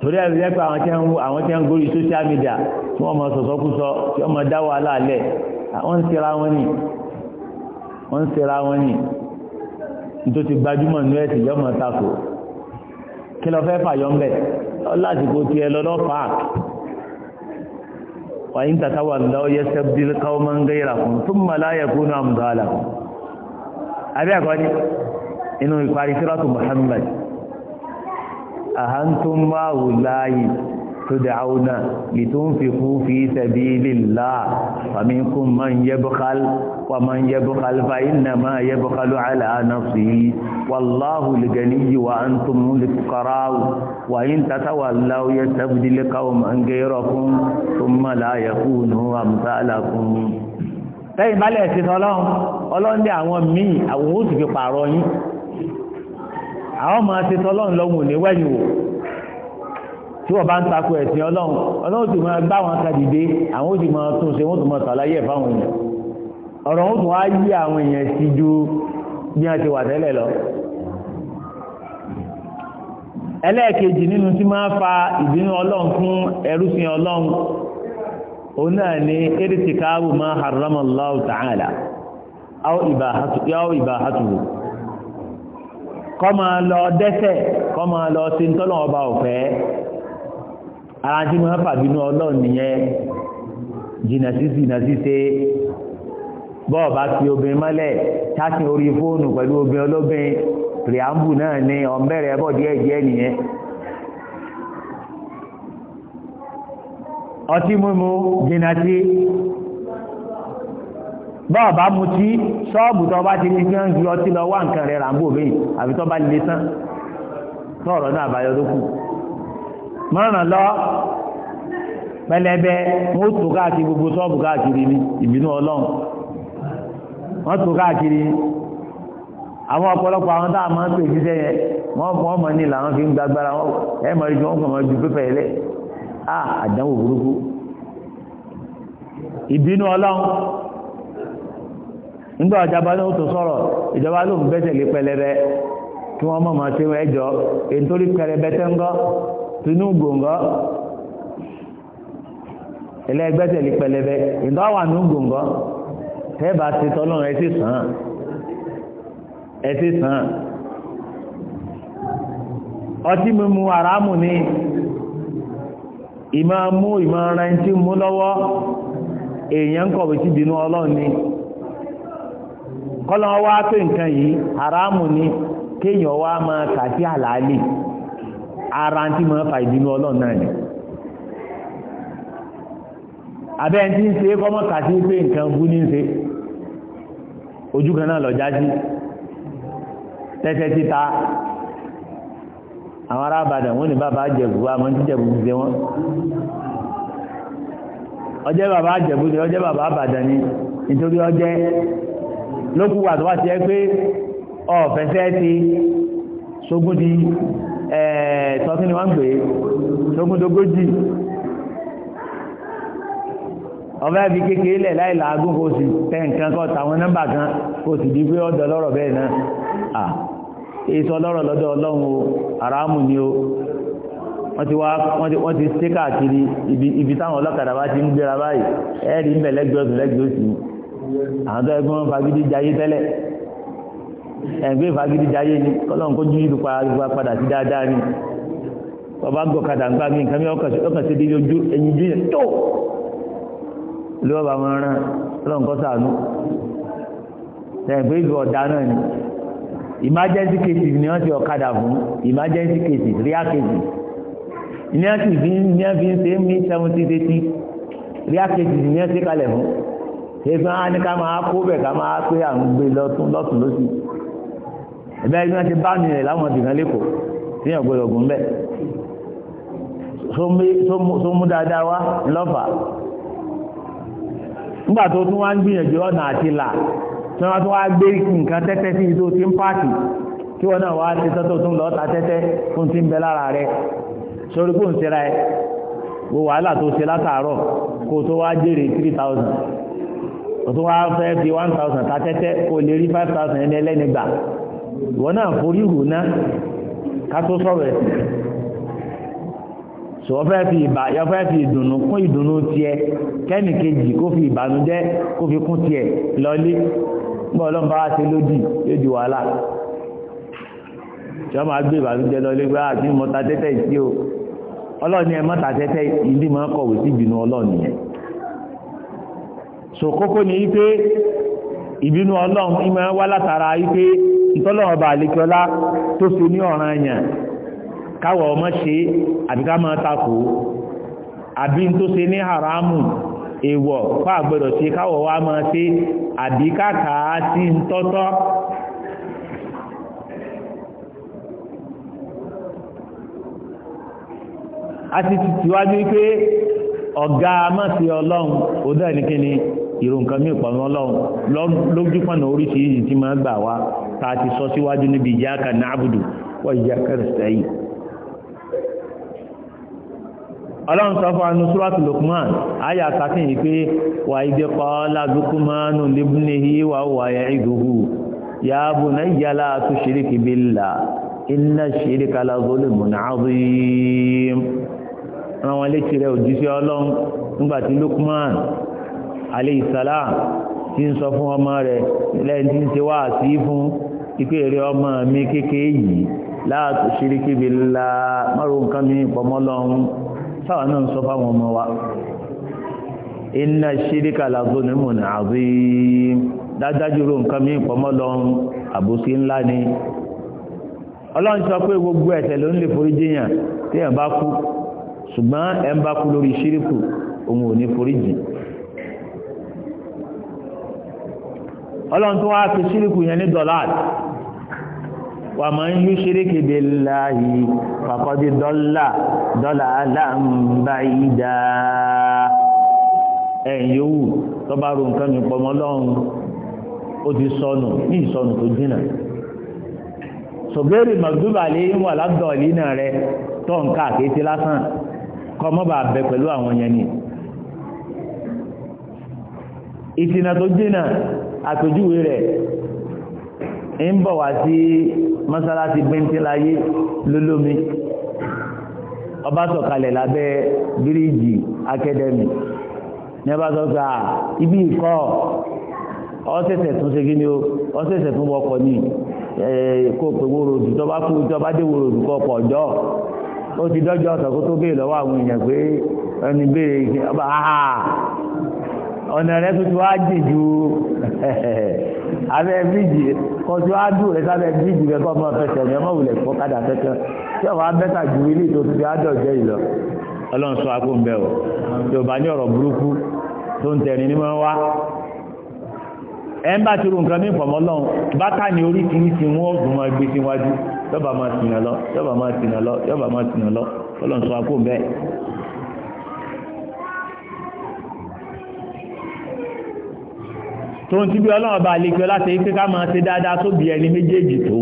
torí ẹ̀rí lẹ́pẹ́ àwọn tí ń àwọn tí ń tó ti gbajúmọ̀ ní ẹ̀sìn yọmọ tako kí lọ fẹ́ fàyọ mbẹ̀ lásìkò tí ẹ lọ́dọ́ park wàyín tàtàwà lọ́wọ́ yẹ sẹ́bdìl káwọ́mọ́ ń gẹ́yìrà fún tún màláyà kúnú àmùdọ́là تدعون لتنفقوا في سبيل الله فمنكم من يبخل ومن يبخل فإنما يبخل على نفسه والله الغني وأنتم الفقراء وإن تتولوا يستبدل قوما غيركم ثم لا يكونوا أمثالكم tẹ́yìn bá lẹ́ẹ̀sí ọlọ́run ọlọ́run ní àwọn míì àwọn ó sì pààrọ̀ yín àwọn ọmọ àti ọlọ́run lọ́wọ́ ò tí wọ́n bá ń takò ẹ̀sìn ọlọ́run ọlọ́run ti máa gbá wọn kadìdé àwọn ó ti máa tún ṣe wọ́n tún máa tàlàyé ẹ̀ fáwọn èèyàn ọ̀rọ̀ wọn tún wá yí àwọn èèyàn sí ju bí wọ́n ti wà tẹ́lẹ̀ lọ. ẹlẹ́ẹ̀kejì nínú tí máa fa ìbínú ọlọ́run fún ẹrúsìn ọlọ́run òun náà ni eriti káàbù máa harrama Allah ta'ala aw ibahatuhu kọ́ máa lọ dẹ́ṣẹ̀ kọ́ máa lọ sí ntọ́lọ́wọ́ bá òfẹ́ ara tí wọ́n fàbínú ọlọ́run nìyẹn jìnà sí jìnà sí ṣe bọ́ọ̀ bá ti obìnrin mọ́lẹ̀ táàkì orí fóònù pẹ̀lú obìnrin olóbìnrin pìrìàmbù náà ni ọ̀nbẹ̀rẹ̀ ẹbọ̀ díẹ̀ díẹ̀ nìyẹn ọtí mímu jìnà sí bọ́ọ̀ bá mu tí ṣọ́ọ̀bù tó bá ti ní kí wọ́n fi ọtí lọ wá nǹkan rẹ̀ ràǹbò bẹ́ẹ̀ àbí tó bá lè tán tọ́ọ̀rọ̀ náà àbáyọ ló kù mọ́ràn lọ pẹlẹbẹ wọ́n tó káàkiri gbogbo sọ́ọ̀bù káàkiri ní ìbínú ọlọ́run wọ́n tó káàkiri àwọn ọ̀pọ̀lọpọ̀ àwọn tá máa ń pè jíṣẹ́ yẹn wọ́n mọ̀ ní làwọn fi ń gbàgbára wọn àdánwò burúkú ìbínú ọlọ́run nígbà tinú gòngọ́ ẹlẹ́gbẹ́sẹ̀lì pẹlẹbẹ ìdánwà nù gòngọ́ ti tọ́lọ́run ẹ sàn sàn ọtí ìmọ̀ mú ìmọ̀ ara tí mú lọ́wọ́ èèyàn kọ̀wé sí ìbínú ọlọ́run ni wá máa ara tí mọ́ fa ìbínú ọlọ́run náà ni abẹ́ ẹni tí ń ṣe kọ́mọ́ kà sí pé nǹkan bú ní ṣe ojú kan náà lọ́jà sí tẹ́tẹ́ títa àwọn ará àbàdàn wọ́n ní bàbá àjẹ̀bù àmọ́ tí jẹ̀bù ti ṣe wọ́n ọjẹ́ bàbá àjẹ̀bù ṣe ọjẹ́ bàbá àbàdàn ni nítorí ọjẹ́ lókùwà tó wá ti ẹ pé ọ̀fẹ́sẹ́ ti sógún di ẹ̀ẹ́dọ́sí eh, ni wọ́n ń pè é ọba ibi kékeré lẹ̀ láì làágùn kò sì tẹ nǹkan kan tàwọn nọ́mbà kan kò di pé ọ̀dọ̀ lọ́rọ̀ bẹ́ẹ̀ náà à lọ́dọ̀ ọlọ́run ni o wọ́n ti ti ṣe káàkiri ibi táwọn ọlọ́kadà bá ti ń gbéra báyìí ń bẹ̀ lẹ́gbẹ̀ọ́sùn lẹ́gbẹ̀ọ́sùn àwọn tó ẹgbẹ́ wọn fagídí jayé ẹ̀gbẹ́ ìfagídí jayé ni kọ́lọ́n kó jí ìlú padà sí dáadáa ni bàbá gọ̀kadà ń gbá mi nǹkan mi ọkàn sí di ojú ẹ̀yìn jú yẹn tó ló bàbá máa rán kọ́lọ́n kọ́ sànú ẹ̀gbẹ́ ìlú ọ̀dá náà ni emergency cases ni wọ́n ti ọ̀kadà fún emergency cases real cases ní wọ́n ti fi ní wọ́n fi ń ṣe mí seventy eighty real cases ni wọ́n ti kalẹ̀ fún ṣé fún wa ní ká máa kó ẹ̀bẹ́ ibi ti bá láwọn lẹ́kọ̀ọ́ tí gùn tó mú dáadáa wá nígbà tó tún wá ń gbìyànjú ọ̀nà àti là tí wọ́n tún wá gbé nǹkan tẹ́tẹ́ sí ń pààkì kí wọ́n náà wá ta tẹ́tẹ́ fún ti ń bẹ lára sórí ń sera wo wàhálà tó ṣe látàárọ̀ kó tó wá jèrè one thousand ta tẹ́tẹ́ kó lè five thousand ẹni wọ́n náà forí hù ná ká tó sọ̀rọ̀ ẹ̀sìn sọ fẹ́ fi ìbà yọ fẹ́ fi ìdùnnú kún ìdùnnú tiẹ̀ kẹ́nì kejì kó fi ìbànújẹ́ kó fi kún tiẹ̀ lọlé gbọ́ ọlọ́run bá wá ṣe lódì lódì wàhálà tí wọ́n máa gbé ìbànújẹ́ lọlé gbá àti ah, mọ́ta tẹ́tẹ́ ìsí o ọlọ́ọ̀ni ẹ mọ́ta tẹ́tẹ́ ìdí máa kọ̀wé sí ìbínú ọlọ́ọ̀ni yẹn sọ kókó ni wípé ìbínú ọlọ́run ìmọ̀ wá látara wípé ìtọ́lọ́run ọba àlekíọlá tó ṣe ní ọ̀ràn èèyàn káwọ̀ ọmọ ṣe Abi ká máa takò àbí tó ṣe ní haramu èèwọ̀ se àgbẹ̀dọ̀ ṣe káwọ̀ wá máa ṣe àbí káàkà sí ń tọ́tọ́ a ti tìwájú wípé ọ̀gá mọ́sí ọlọ́run ó dẹ̀ ní irú nǹkan mí ìpamọ́ ọlọ́run lójú pọ̀nà oríṣiríṣi tí máa gbà wá ta ti sọ síwájú níbi iyyaka na'budu wa iyyaka nasta'in ọlọ́run sọ fún anú súrọ́tù lukman ayà kàtí yìí pé wà ìdí qala lukumanu libnihi wà wà ya'iduhu ya bunayya la tushrik billah inna shirka la zulmun azim ràn wọn létí rẹ òjíṣẹ́ ọlọ́run nígbàtí lukman alayhi salam tí ń sọ fún ọmọ rẹ̀ lẹ́yìn tí ń ṣe wá sí fún ipé èrè ọmọ mi kékeré yìí la tushiriki billah márùn nǹkan mi pọ̀mọ́ lọ́run náà ń sọ fáwọn ọmọ wa inna shirika la zulmun azim dájájú ro nǹkan mi pọ̀mọ́ lọ́run àbòsí ńlá ni ọlọ́run sọ pé gbogbo ẹ̀ṣẹ̀ ló ń lè forí jiyàn tí ẹ̀ bá kú ṣùgbọ́n ẹ̀ lórí ṣíríkù òun ò ní ọlọ́run tó wá fi ṣíríkù yẹn ní dọ̀láàdì wà máa ń yú ṣíríkì bí láàyè pàkọ́dé dọ́là dọ́là aláǹbá ìdá ẹ̀yìn yòówù tó bá ro nǹkan mi pọ̀ mọ́ ọlọ́run ó ti sọnù ní ìsọnù tó dínà sọ̀gẹ́rì ìtìnà tó dínà àpèjúwe rẹ̀ ń bọ̀ wá sí mọ́sálásí bẹ́ńtíláyé lólómi ọba sọ̀kalẹ̀ lábẹ́ bíríìjì akẹ́dẹ́mì ní ọba sọ̀kà ibi ìkọ́ ọ́sẹ̀sẹ̀ tún ṣe gíní o ọ́sẹ̀sẹ̀ tún wọkọ̀ ní kó pé wórodù tó bá kú tó bá dé wórodù kọ́ pọ̀ ọjọ́ ó ti dọ́jọ́ ọ̀sán kó tó béèrè lọ́wọ́ àwọn èèyàn pé ẹni béèrè ọba ọ̀nà rẹ̀ tuntun á jìn ju abẹ́ bíríjì kọjú ádùn rẹ̀ sábẹ́ bíríjì rẹ̀ kọ́ ọmọ fẹsẹ̀ ní ọmọ òwúlẹ̀ kọ́ kádà fẹsẹ̀ tí ọ̀wá bẹ́tà ju ilé tó ti fi ádọ̀jẹ́ yìí lọ ọlọ́run sọ akó ń bẹ̀ ọ́ yorùbá ní ọ̀rọ̀ burúkú tó ń tẹ̀rin ní wọ́n wá ẹ ń bá ti ru nǹkan ní ìfọ̀mọ́ lọ́hùn bákà ní orí kìíní tí wọ́n dùn máa gbé síwájú yọba máa tìnà lọ yọba máa tìnà lọ yọba máa tìnà lọ ọlọ́run sọ akó ń tó ń tíbi ọlọ́run bá lè gbọ́ láti pé ká máa ṣe dáadáa tó bí ẹni méjèèjì tó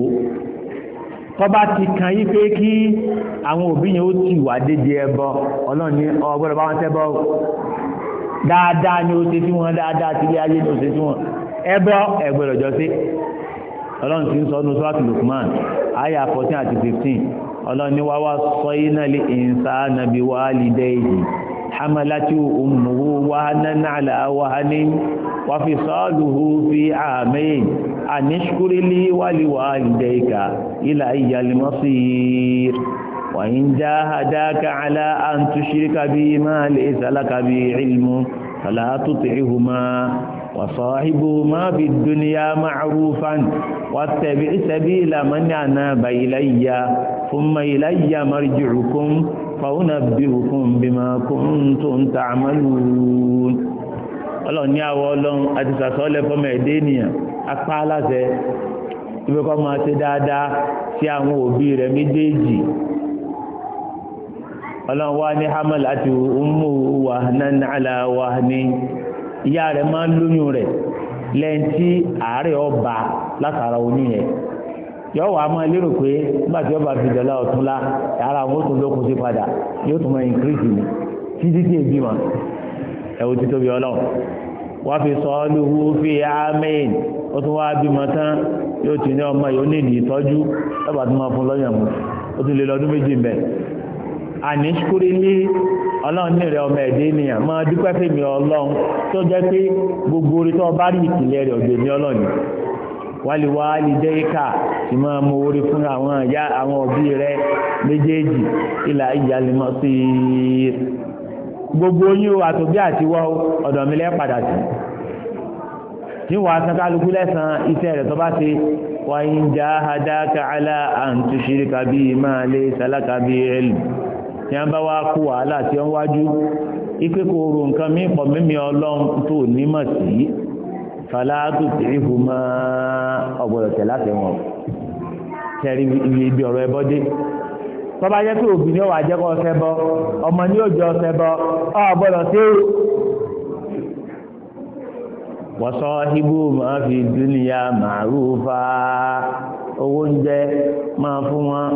kọ́ bá ti kan yí pé kí àwọn òbí yẹn ó ti wà dédé ẹbọ ọlọ́run ní ọgbọ́dọ̀ bá wọn tẹ́ bọ́ dáadáa ni ó ṣe sí wọn dáadáa ti lé ayé ni ó ṣe sí wọn ẹbọ ẹgbẹ̀rọ̀ jọ sí ọlọ́run ti ń sọ ọdún sọ́wọ́tì Lukman aya fourteen àti fifteen ọlọ́run ní wá wá sọ iná lè ń sáà nàbí wàá lì dẹ́ èyí أمه ummuhu على وهن، wahnin wa fisaluhu fi amain لي ولوالديك إلى أي المصير، وإن جاهداك على أن تشرك بي ما ليس لك به علم فلا تطعهما وصاحبهما في الدنيا معروفا واتبع سبيل من أناب إلي ثم إلي مرجعكم fa'unabbi'ukum bima kuntum ta'malun ọlọ́run ní àwọ̀ ọlọ́run àti sàsọ́ọ́lẹ̀ fọmọ ẹ̀dẹ́ ènìyàn apá aláṣẹ ibi kọ́ máa ṣe dáadáa sí àwọn òbí rẹ̀ méjèèjì ọlọ́run wá ní hamal àti umu wahnan ala wahni ìyá rẹ̀ máa ń lóyún rẹ̀ lẹ́yìn tí àárẹ̀ yọ wà á máa lérò pé nígbà tí ọba fi ọ̀tún la ara àwọn sí padà yóò tún increase ni títí tí èbí wọn ẹ̀wọ̀n ti tóbi ọlọ́run fi sọ ọ́ fi ó tún wá bímọ tán yóò ní ọmọ yìí ó ní ìdí ìtọ́jú tó máa fún lọ́yàn ó tún lọ́dún méjì ní ọlọ́run ní ọmọ ẹ̀dẹ́ gbogbo orí tó Wali wali dẹ́yíkà tí máa mú orí fún àwọn ìyá àwọn òbí rẹ méjèèjì ìlà ìyàlímọ́ sí i gbogbo yín o àtòbí àti wọ́ ọ̀dọ̀ mi lẹ́ padà sí tí wa san kálukú lẹ́san iṣẹ́ rẹ̀ tó bá ṣe wà ń já hadáka alá àǹtúṣírí kàbí máa lé sálákà bí ẹlù tí wọ́n bá wá kó wàhálà tí wọ́n wájú ikú kò rò nǹkan mí pọ̀ mímí ọlọ́run tó nímọ̀ sí i fàlàtù tìrì hùmá ọ̀gbọ̀dọ̀ tẹ̀ láti wọn kẹrin iye ibi ọ̀rọ̀ ẹbọ dé tọ́ba yẹ kí òbí ni ó wà jẹ́ kó ọsẹ bọ ọmọ ni ó jẹ ọsẹ bọ ọ̀gbọ̀dọ̀ tí ó wọ́sọ ibú máa fi dúnìyà màrúfà owó ń jẹ máa fún wọn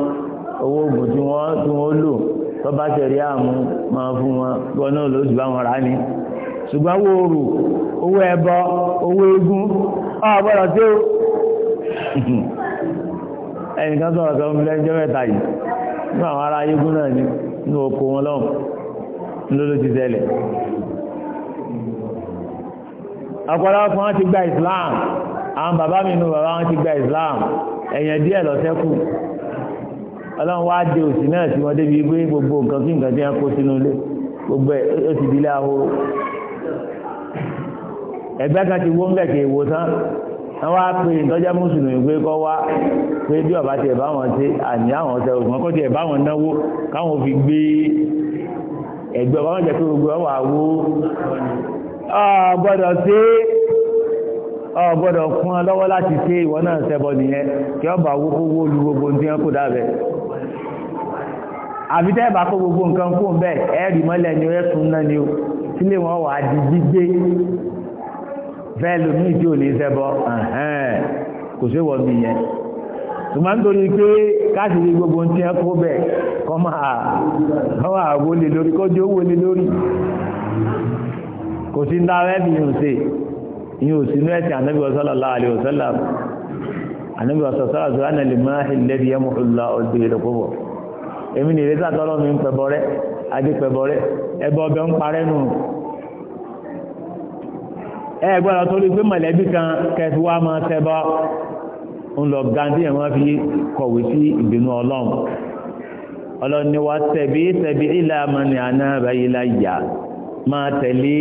owó oògùn tí wọ́n tí wọ́n lò tọ́ba tẹ̀rí àmú máa fún wọn gbọ́n náà lójú bá rà ní ṣùgbọ́n owó oòrùn owó ẹbọ owó eégún ọ̀bọ̀dọ̀ tí ó ẹnìkan sọ̀rọ̀ sọ fún lẹ́jọ́ mẹ́ta yìí ní àwọn ará eégún náà ní inú oko wọn lọ́hùn lóló ti ṣẹlẹ̀ ọ̀pọ̀lọpọ̀ wọn ti gba Islam àwọn bàbá mi nù bàbá wọn ti gba Islam ẹ̀yàn díẹ̀ lọ́sẹ́kù ọlọ́run wá dé òsì náà sí wọn débi pé gbogbo nǹkan kí nǹkan tí wọn kó sínú ilé gbogbo ẹ̀ ó ti di ilé ahoro ẹgbẹ́ kan ti wó ń bẹ̀kẹ̀ ìwò tán wọ́n wá pé ìtọ́já mùsùlùmí pé kọ́ wá pé bí ọ̀bá tiẹ̀ bá wọn ṣe àní àwọn ọ̀sẹ̀ ògbọ́n kọ́ tiẹ̀ bá wọn náwó káwọn fi gbé ẹgbẹ́ ọ̀bá wọn jẹ́ pé gbogbo ọ̀wà wó ọ̀gbọ́dọ̀ ṣe ọ̀gbọ́dọ̀ fún ọ lọ́wọ́ láti ṣe ìwọ náà ṣẹbọ nìyẹn kí ọba owó kówó lu gbogbo ní ẹ kó dábẹ́ àbí tẹ́ẹ̀bà kó gbogbo nǹkan kó ń bẹ́ẹ̀ ẹ̀rì mọ́lẹ̀ ni ó yẹ tún náà ni ó tílé wọn wà á di gbígbé bẹ́ẹ̀ lómi tí ò ní ṣẹbọ kò sí wọ́n mi yẹn tùmọ̀ nítorí pé káàkiri gbogbo ti ẹ kó bẹ̀ kọ́ máa kọ́ máa wọlé lórí kọ́jú ó wọlé lórí kò sí ndára ẹ̀bí yìí ò ṣe yìí ò sínú ẹ̀sìn ànábì sallallahu alaihi wasallam ànábì sallallahu alaihi wasallam lè máa lẹ́bi ẹ̀mú ọ̀la ọ̀dẹ̀ ìrẹ̀kọ́bọ̀ èmi nìrètí àtọ́lọ́ mi ń pẹ̀bọ rẹ̀ adépẹ̀bọ̀ rẹ̀ ọbẹ̀ ń parẹ́ nù ẹ gbọ́dọ̀ torí pé mọ̀lẹ́bí kan kẹfì wá tẹ́bọ́ ń lọ ẹ̀ wọ́n fi kọ̀wé sí ìbínú ọlọ́run ni tẹ̀bí tẹ̀bí ilé amani àná àbáyé ma máa tẹ̀lé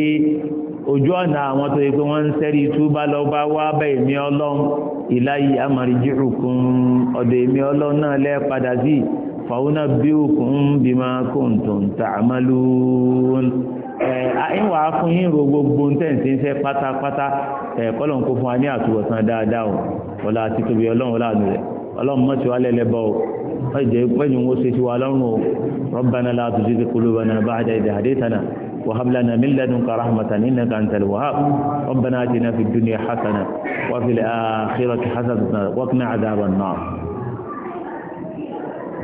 ojú ọ̀nà àwọn tó yẹ pé wọ́n ń sẹ́rí lọ bá wá fàwọn bí òkun bí máa kó ntòun tà àmàlú ìwà fún yín ro gbogbo ntẹ̀sí ń fẹ́ pátápátá kọ́lọ̀ ń kó fún wa ní àtúbọ̀tán dáadáa o ọlá àti tóbi ọlọ́run láàánú rẹ̀ ọlọ́run mọ́ sí wa lẹ́lẹ́bọ̀ o ọjọ́ ìpẹ́yìn wo ṣe sí wa lọ́rùn o rabbana la tuzigh qulubana ba'da idh hadaytana wa hab lana min ladunka rahmatan